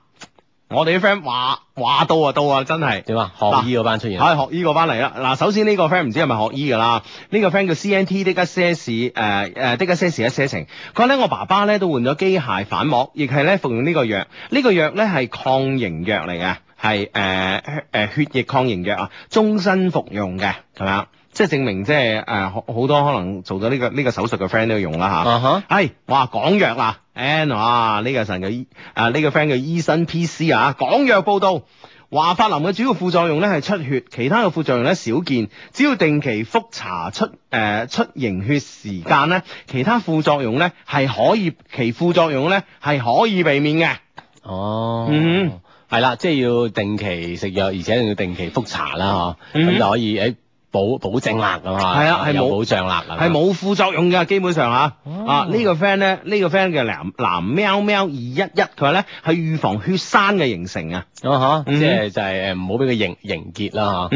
我哋啲 friend 話話到啊到啊，真係點啊？學醫嗰班出現，係學醫嗰班嚟啦。嗱，首先呢個 friend 唔知係咪學醫㗎啦？呢個 friend 叫 C N T 的家些事誒，的家些事一些情。佢話咧，我爸爸咧都換咗機械瓣膜，亦係咧服用呢個藥。呢個藥咧係抗凝藥嚟嘅。係誒誒血液抗凝藥啊，終身服用嘅，係咪即係證明即係誒，好、呃、多可能做咗呢、這個呢、這個手術嘅 friend 都要用啦吓。嗯哼、uh。係、huh. 哎，哇，講藥啦，N，哇，呢、這個神嘅醫啊，呢、呃這個 friend 嘅醫生 PC 啊，講藥報道，華法林嘅主要副作用咧係出血，其他嘅副作用咧少見，只要定期復查出誒、呃、出凝血時間咧，其他副作用咧係可以，其副作用咧係可以避免嘅。哦。Oh. 嗯。係啦，即係要定期食藥，而且仲要定期復查啦，嗬，咁就可以誒保保證啦，係嘛，係啊，係冇保障啦，係冇副作用嘅，基本上吓，啊呢個 friend 咧，呢個 friend 叫藍藍喵喵二一一，佢話咧係預防血栓嘅形成啊，咁吓，即係就係誒唔好俾佢凝凝結啦，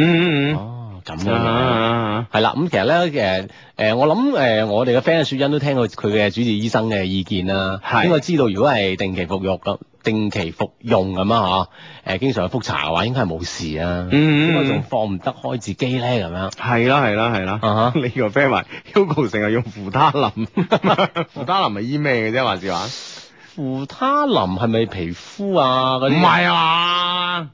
吓，咁樣，係啦，咁其實咧誒誒我諗誒我哋嘅 friend 雪欣都聽過佢嘅主治醫生嘅意見啦，應該知道如果係定期服藥咁。定期服用咁啊，吓，誒，經常去復查嘅話，應該係冇事啊。嗯，嗯嗯。點解仲放唔得開自己咧？咁樣。係啦係啦係啦。Uh huh. 你個 friend 話，Hugo 成日用扶他林，扶 *laughs* 他林係醫咩嘅啫？話事話？扶他林係咪皮膚啊？唔係啊。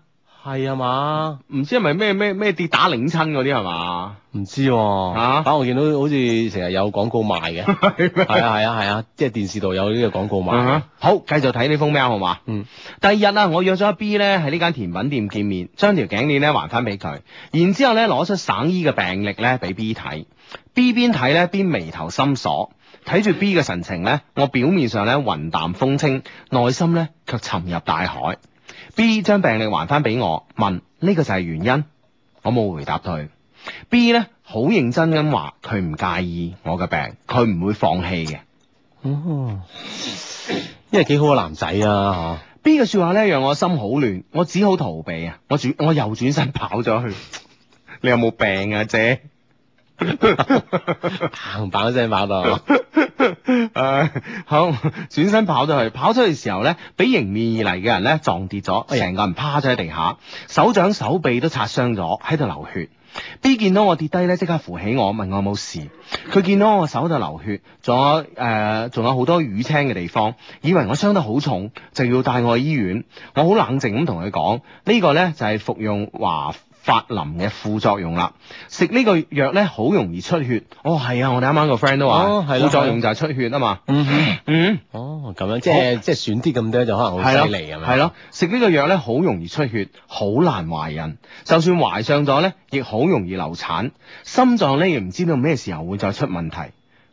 係啊嘛，唔知係咪咩咩咩跌打領親嗰啲係嘛？唔知啊，啊反我見到好似成日有廣告賣嘅，係 *laughs* 嗎啊係啊係啊，即係電視度有呢個廣告賣。嗯啊、好，繼續睇呢封 mail，好嘛？嗯。第二日啊，我約咗阿 B 咧喺呢間甜品店見面，將條頸鏈咧還翻俾佢，然之後咧攞出省醫嘅病歷咧俾 B 睇 *laughs* ，B 邊睇咧邊眉頭深鎖，睇住 B 嘅神情咧，我表面上咧雲淡風輕，內心咧卻沉入大海。B 將病歷還翻俾我，問呢個就係原因，我冇回答佢。B 呢好認真咁話，佢唔介意我嘅病，佢唔會放棄嘅。因為幾好個男仔啊。B 嘅說話呢讓我心好亂，我只好逃避啊！我轉我又轉身跑咗去。你有冇病啊，姐？嘭爆一聲跑到我，誒、uh，好轉身跑到去，跑出去時候呢，俾迎面而嚟嘅人呢撞跌咗，成個人趴咗喺地下，手掌手臂都擦傷咗，喺度流血。B 見到我跌低呢，即刻扶起我，問我有冇事。佢見到我手度流血，仲有誒，仲、呃、有好多淤青嘅地方，以為我傷得好重，就要帶我去醫院。我好冷靜咁同佢講，呢、這個呢，就係服用華。法林嘅副作用啦，食個藥呢個藥咧好容易出血。哦，係啊，我哋啱啱個 friend 都話，哦啊、副作用就係出血啊嘛。嗯、啊啊、嗯，哦，咁樣即係、哦、即係選啲咁多就可能好犀利咁樣。係咯、啊，食個藥呢個藥咧好容易出血，好難懷孕，就算懷上咗咧，亦好容易流產，心臟咧亦唔知道咩時候會再出問題。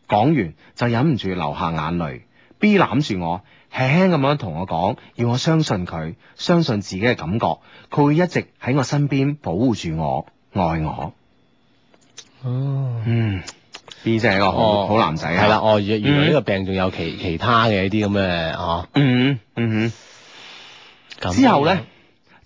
講完就忍唔住流下眼淚。B 攬住我，輕輕咁樣同我講，要我相信佢，相信自己嘅感覺，佢會一直喺我身邊保護住我，愛我。哦、嗯，嗯，B 真係一個好、哦、好男仔係啦，哦，原原來呢個病仲有其、嗯、其他嘅一啲咁嘅啊，嗯嗯哼，嗯咁之後咧。嗯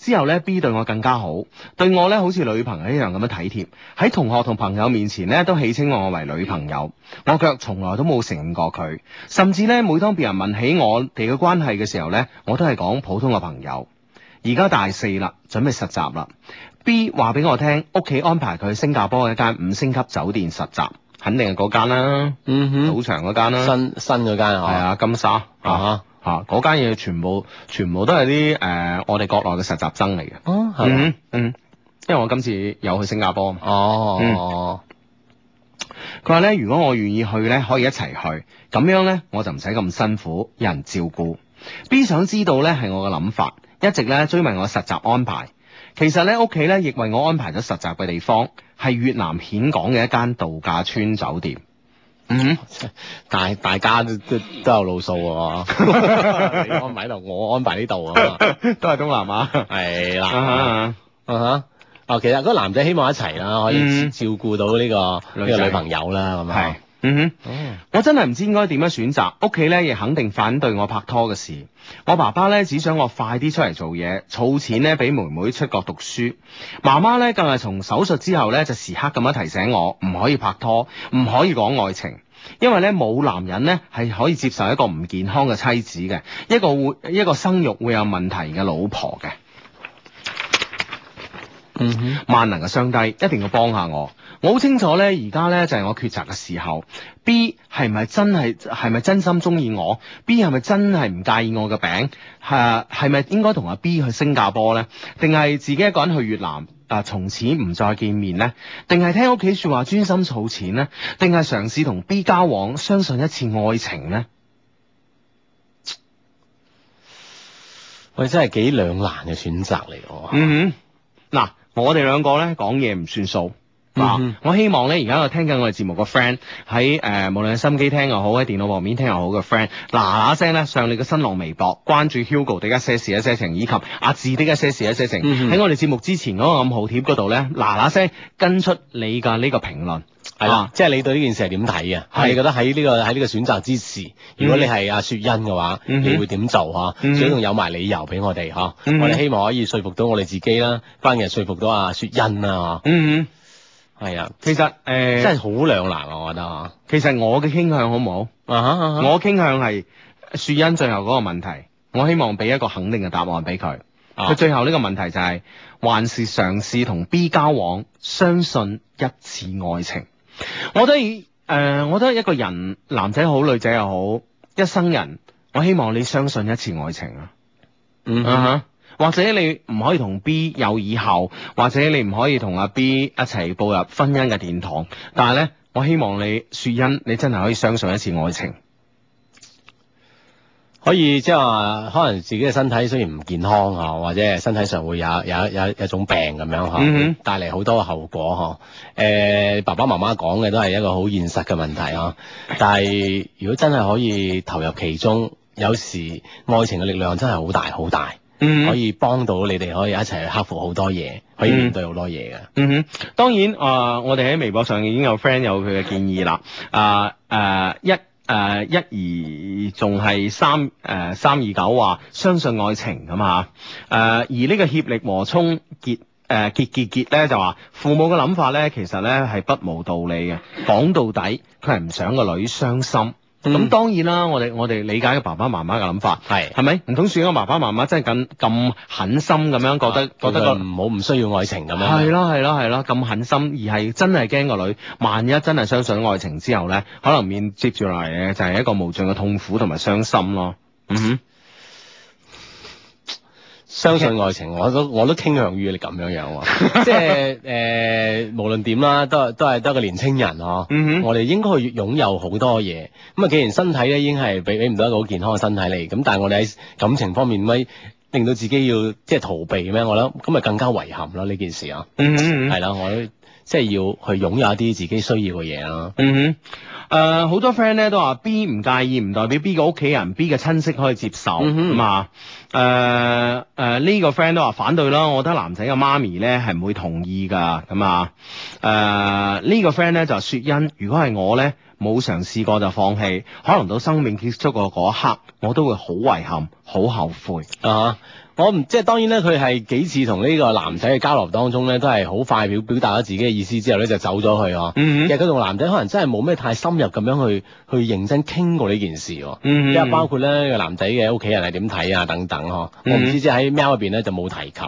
之後咧，B 對我更加好，對我咧好似女朋友一樣咁樣體貼。喺同學同朋友面前咧，都戲稱我為女朋友。我卻從來都冇承認過佢，甚至咧每當別人問起我哋嘅關係嘅時候咧，我都係講普通嘅朋友。而家大四啦，準備實習啦。B 話俾我聽，屋企安排佢去新加坡一間五星級酒店實習，肯定係嗰間啦。嗯哼，賭場嗰間啦，新新嗰間啊，係啊，金沙啊。Uh huh. 嚇，嗰間嘢全部全部都係啲誒，我哋國內嘅實習生嚟嘅。哦，係嘛？嗯，嗯，因為我今次有去新加坡。哦，佢話咧，如果我願意去咧，可以一齊去。咁樣咧，我就唔使咁辛苦，有人照顧。B 想知道咧，係我嘅諗法，一直咧追問我實習安排。其實咧，屋企咧亦為我安排咗實習嘅地方，係越南峴港嘅一間度假村酒店。嗯，mm hmm. 大大家都都都有路數喎。 *laughs* *laughs* 你安排喺度，我安排呢度啊嘛， *laughs* 都係東南亞。係 *laughs* 啦。啊啊哈。哦、huh. uh，其實嗰個男仔希望一齊啦，可以照顧到呢、這個呢、mm hmm. 個女朋友啦，咁啊性。 *laughs* 嗯哼，我真係唔知應該點樣選擇，屋企咧亦肯定反對我拍拖嘅事。我爸爸咧只想我快啲出嚟做嘢，儲錢咧俾妹妹出國讀書。媽媽咧更係從手術之後咧就時刻咁樣提醒我，唔可以拍拖，唔可以講愛情，因為咧冇男人咧係可以接受一個唔健康嘅妻子嘅，一個會一個生育會有問題嘅老婆嘅。嗯哼、mm，hmm. 萬能嘅上帝一定要幫下我。我好清楚咧，而家咧就係我抉擇嘅時候。B 係咪真係係咪真心中意我？B 係咪真係唔介意我嘅餅？誒，係咪應該同阿 B 去新加坡呢？定係自己一個人去越南？啊，從此唔再見面呢？定係聽屋企說話專心儲錢呢？定係嘗試同 B 交往，相信一次愛情呢？喂，真係幾兩難嘅選擇嚟，我、啊、嗯哼，嗱，我哋兩個咧講嘢唔算數。嗱，mm hmm. 我希望咧，而家我聽緊我哋節目個 friend 喺誒，無論喺心機聽又好，喺電腦畫面聽又好嘅 friend，嗱嗱聲咧上你嘅新浪微博，關注 Hugo 的一些事一些情，以及阿志的一些事一些情，喺、mm hmm. 我哋節目之前嗰個暗號貼嗰度咧，嗱嗱聲跟出你嘅呢個評論係啦，啊、即係你對呢件事係點睇嘅？係是是你覺得喺呢、這個喺呢個選擇之時，如果你係阿雪欣嘅話，你、mm hmm. 會點做吓？Mm hmm. 所以仲有埋理由俾我哋吓，mm hmm. 我哋希望可以說服到我哋自己啦，翻嚟說服到阿雪欣啊。Mm hmm. 係啊，其實誒，呃、真係好兩難啊，我覺得啊。其實我嘅傾向好唔好？啊、uh huh, uh huh. 我傾向係樹恩最後嗰個問題，我希望俾一個肯定嘅答案俾佢。佢、uh huh. 最後呢個問題就係、是，還是嘗試同 B 交往，相信一次愛情。我覺得，誒、呃，我覺得一個人，男仔好，女仔又好，一生人，我希望你相信一次愛情啊。嗯啊、uh huh. uh huh. 或者你唔可以同 B 有以後，或者你唔可以同阿 B 一齊步入婚姻嘅殿堂。但係咧，我希望你雪欣，你真係可以相信一次愛情，可以即係話，可能自己嘅身體雖然唔健康啊，或者身體上會有有有，有一種病咁樣吓，帶嚟好多嘅後果吓。誒、呃，爸爸媽媽講嘅都係一個好現實嘅問題啊，但係如果真係可以投入其中，有時愛情嘅力量真係好大好大。嗯，mm hmm. 可以幫到你哋，可以一齊去克服好多嘢，可以面對好多嘢嘅。嗯哼、mm，hmm. 當然啊、呃，我哋喺微博上已經有 friend 有佢嘅建議啦、 *laughs* 呃呃呃呃。啊，誒一誒一二，仲係三誒三二九話相信愛情咁啊。誒而呢個協力磨沖傑誒傑傑傑咧，就話父母嘅諗法咧，其實咧係不無道理嘅。講到底，佢係唔想個女傷心。咁、嗯、當然啦，我哋我哋理解個爸爸媽媽嘅諗法，係係咪唔通算個爸爸媽媽真係咁咁狠心咁樣覺得、啊就是、覺得、個唔好唔需要愛情咁樣？係咯係咯係咯咁狠心，而係真係驚個女，萬一真係相信愛情之後呢，可能面接住落嚟嘅就係一個無盡嘅痛苦同埋傷心咯。嗯哼。相信愛情，我都我都傾向於你咁樣樣喎。即係誒、呃，無論點啦，都係都係都係得個年青人呵。嗯、哼我哋應該去擁有好多嘢。咁啊，既然身體咧已經係俾俾唔到一個好健康嘅身體嚟，咁但係我哋喺感情方面，咪令到自己要即係逃避咩？我諗咁咪更加遺憾咯呢件事啊。嗯係啦、嗯，我。都。即係要去擁有一啲自己需要嘅嘢啦。嗯哼、mm，誒、hmm. uh,，好多 friend 咧都話 B 唔介意，唔代表 B 個屋企人、B 嘅親戚可以接受。咁、mm hmm. 啊，誒誒呢個 friend 都話反對啦。我覺得男仔嘅媽咪咧係唔會同意噶。咁啊，誒、呃、呢、這個 friend 咧就說雪因如果係我咧冇嘗試過就放棄，可能到生命結束嘅嗰一刻，我都會好遺憾、好後悔啊。Uh huh. 我唔即係當然咧，佢係幾次同呢個男仔嘅交流當中咧，都係好快表表達咗自己嘅意思之後咧，就走咗去。嗯、mm，hmm. 其實佢同男仔可能真係冇咩太深入咁樣去去認真傾過呢件事、啊。嗯、mm，因、hmm. 為包括咧個男仔嘅屋企人係點睇啊等等呵。Mm hmm. 我唔知即係喺喵入邊咧就冇提及。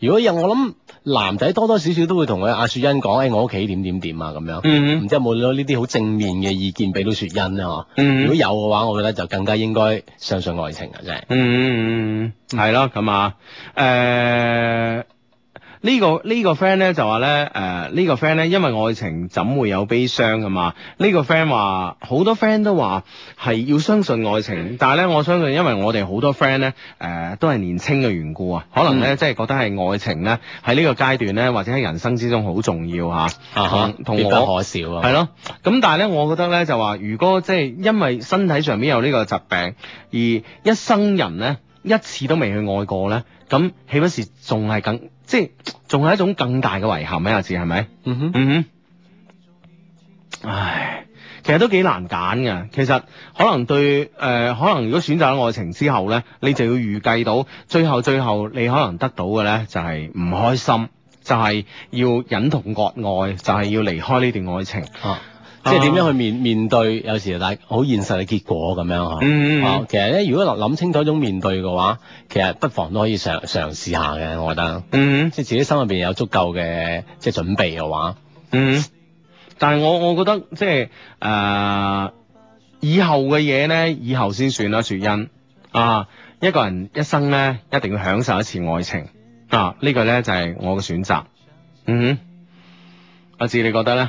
如果有，我諗。男仔多多少少都會同佢阿雪欣講，誒、欸、我屋企點點點啊咁樣，唔、mm hmm. 知有冇攞呢啲好正面嘅意見俾到雪欣啊。嗬、mm，hmm. 如果有嘅話，我覺得就更加應該相信愛情啊！真係，嗯嗯嗯，係、hmm. 咯、mm，咁、hmm. 啊，誒。Uh 呢個呢、呃這個 friend 咧就話咧誒，呢個 friend 咧，因為愛情怎會有悲傷噶嘛？呢、這個 friend 話好多 friend 都話係要相信愛情，但係咧，我相信，因為我哋好多 friend 咧誒，都係年輕嘅緣故啊，可能咧、嗯、即係覺得係愛情咧喺呢個階段咧，或者喺人生之中好重要吓、啊，啊、嗯、可笑啊。係咯咁，但係咧，我覺得咧就話，如果即係因為身體上邊有呢個疾病而一生人咧一次都未去愛過咧，咁豈不是仲係更？即係仲係一種更大嘅遺憾啊字係咪？嗯哼嗯哼，唉，其實都幾難揀㗎。其實可能對誒、呃，可能如果選擇咗愛情之後咧，你就要預計到最後最後，你可能得到嘅咧就係、是、唔開心，就係、是、要忍痛割愛，就係、是、要離開呢段愛情。啊。即係點樣去面、啊、面對，有時但係好現實嘅結果咁樣嗬。嗯嗯。哦、啊，其實咧，如果諗清楚一種面對嘅話，其實不妨都可以嘗嘗試下嘅，我覺得。嗯，即係自己心入邊有足夠嘅即係準備嘅話。嗯。但係我我覺得即係誒以後嘅嘢咧，以後先算啦，雪欣。啊，一個人一生咧一定要享受一次愛情。啊，這個、呢個咧就係、是、我嘅選擇。嗯嗯。阿、啊、志你覺得咧？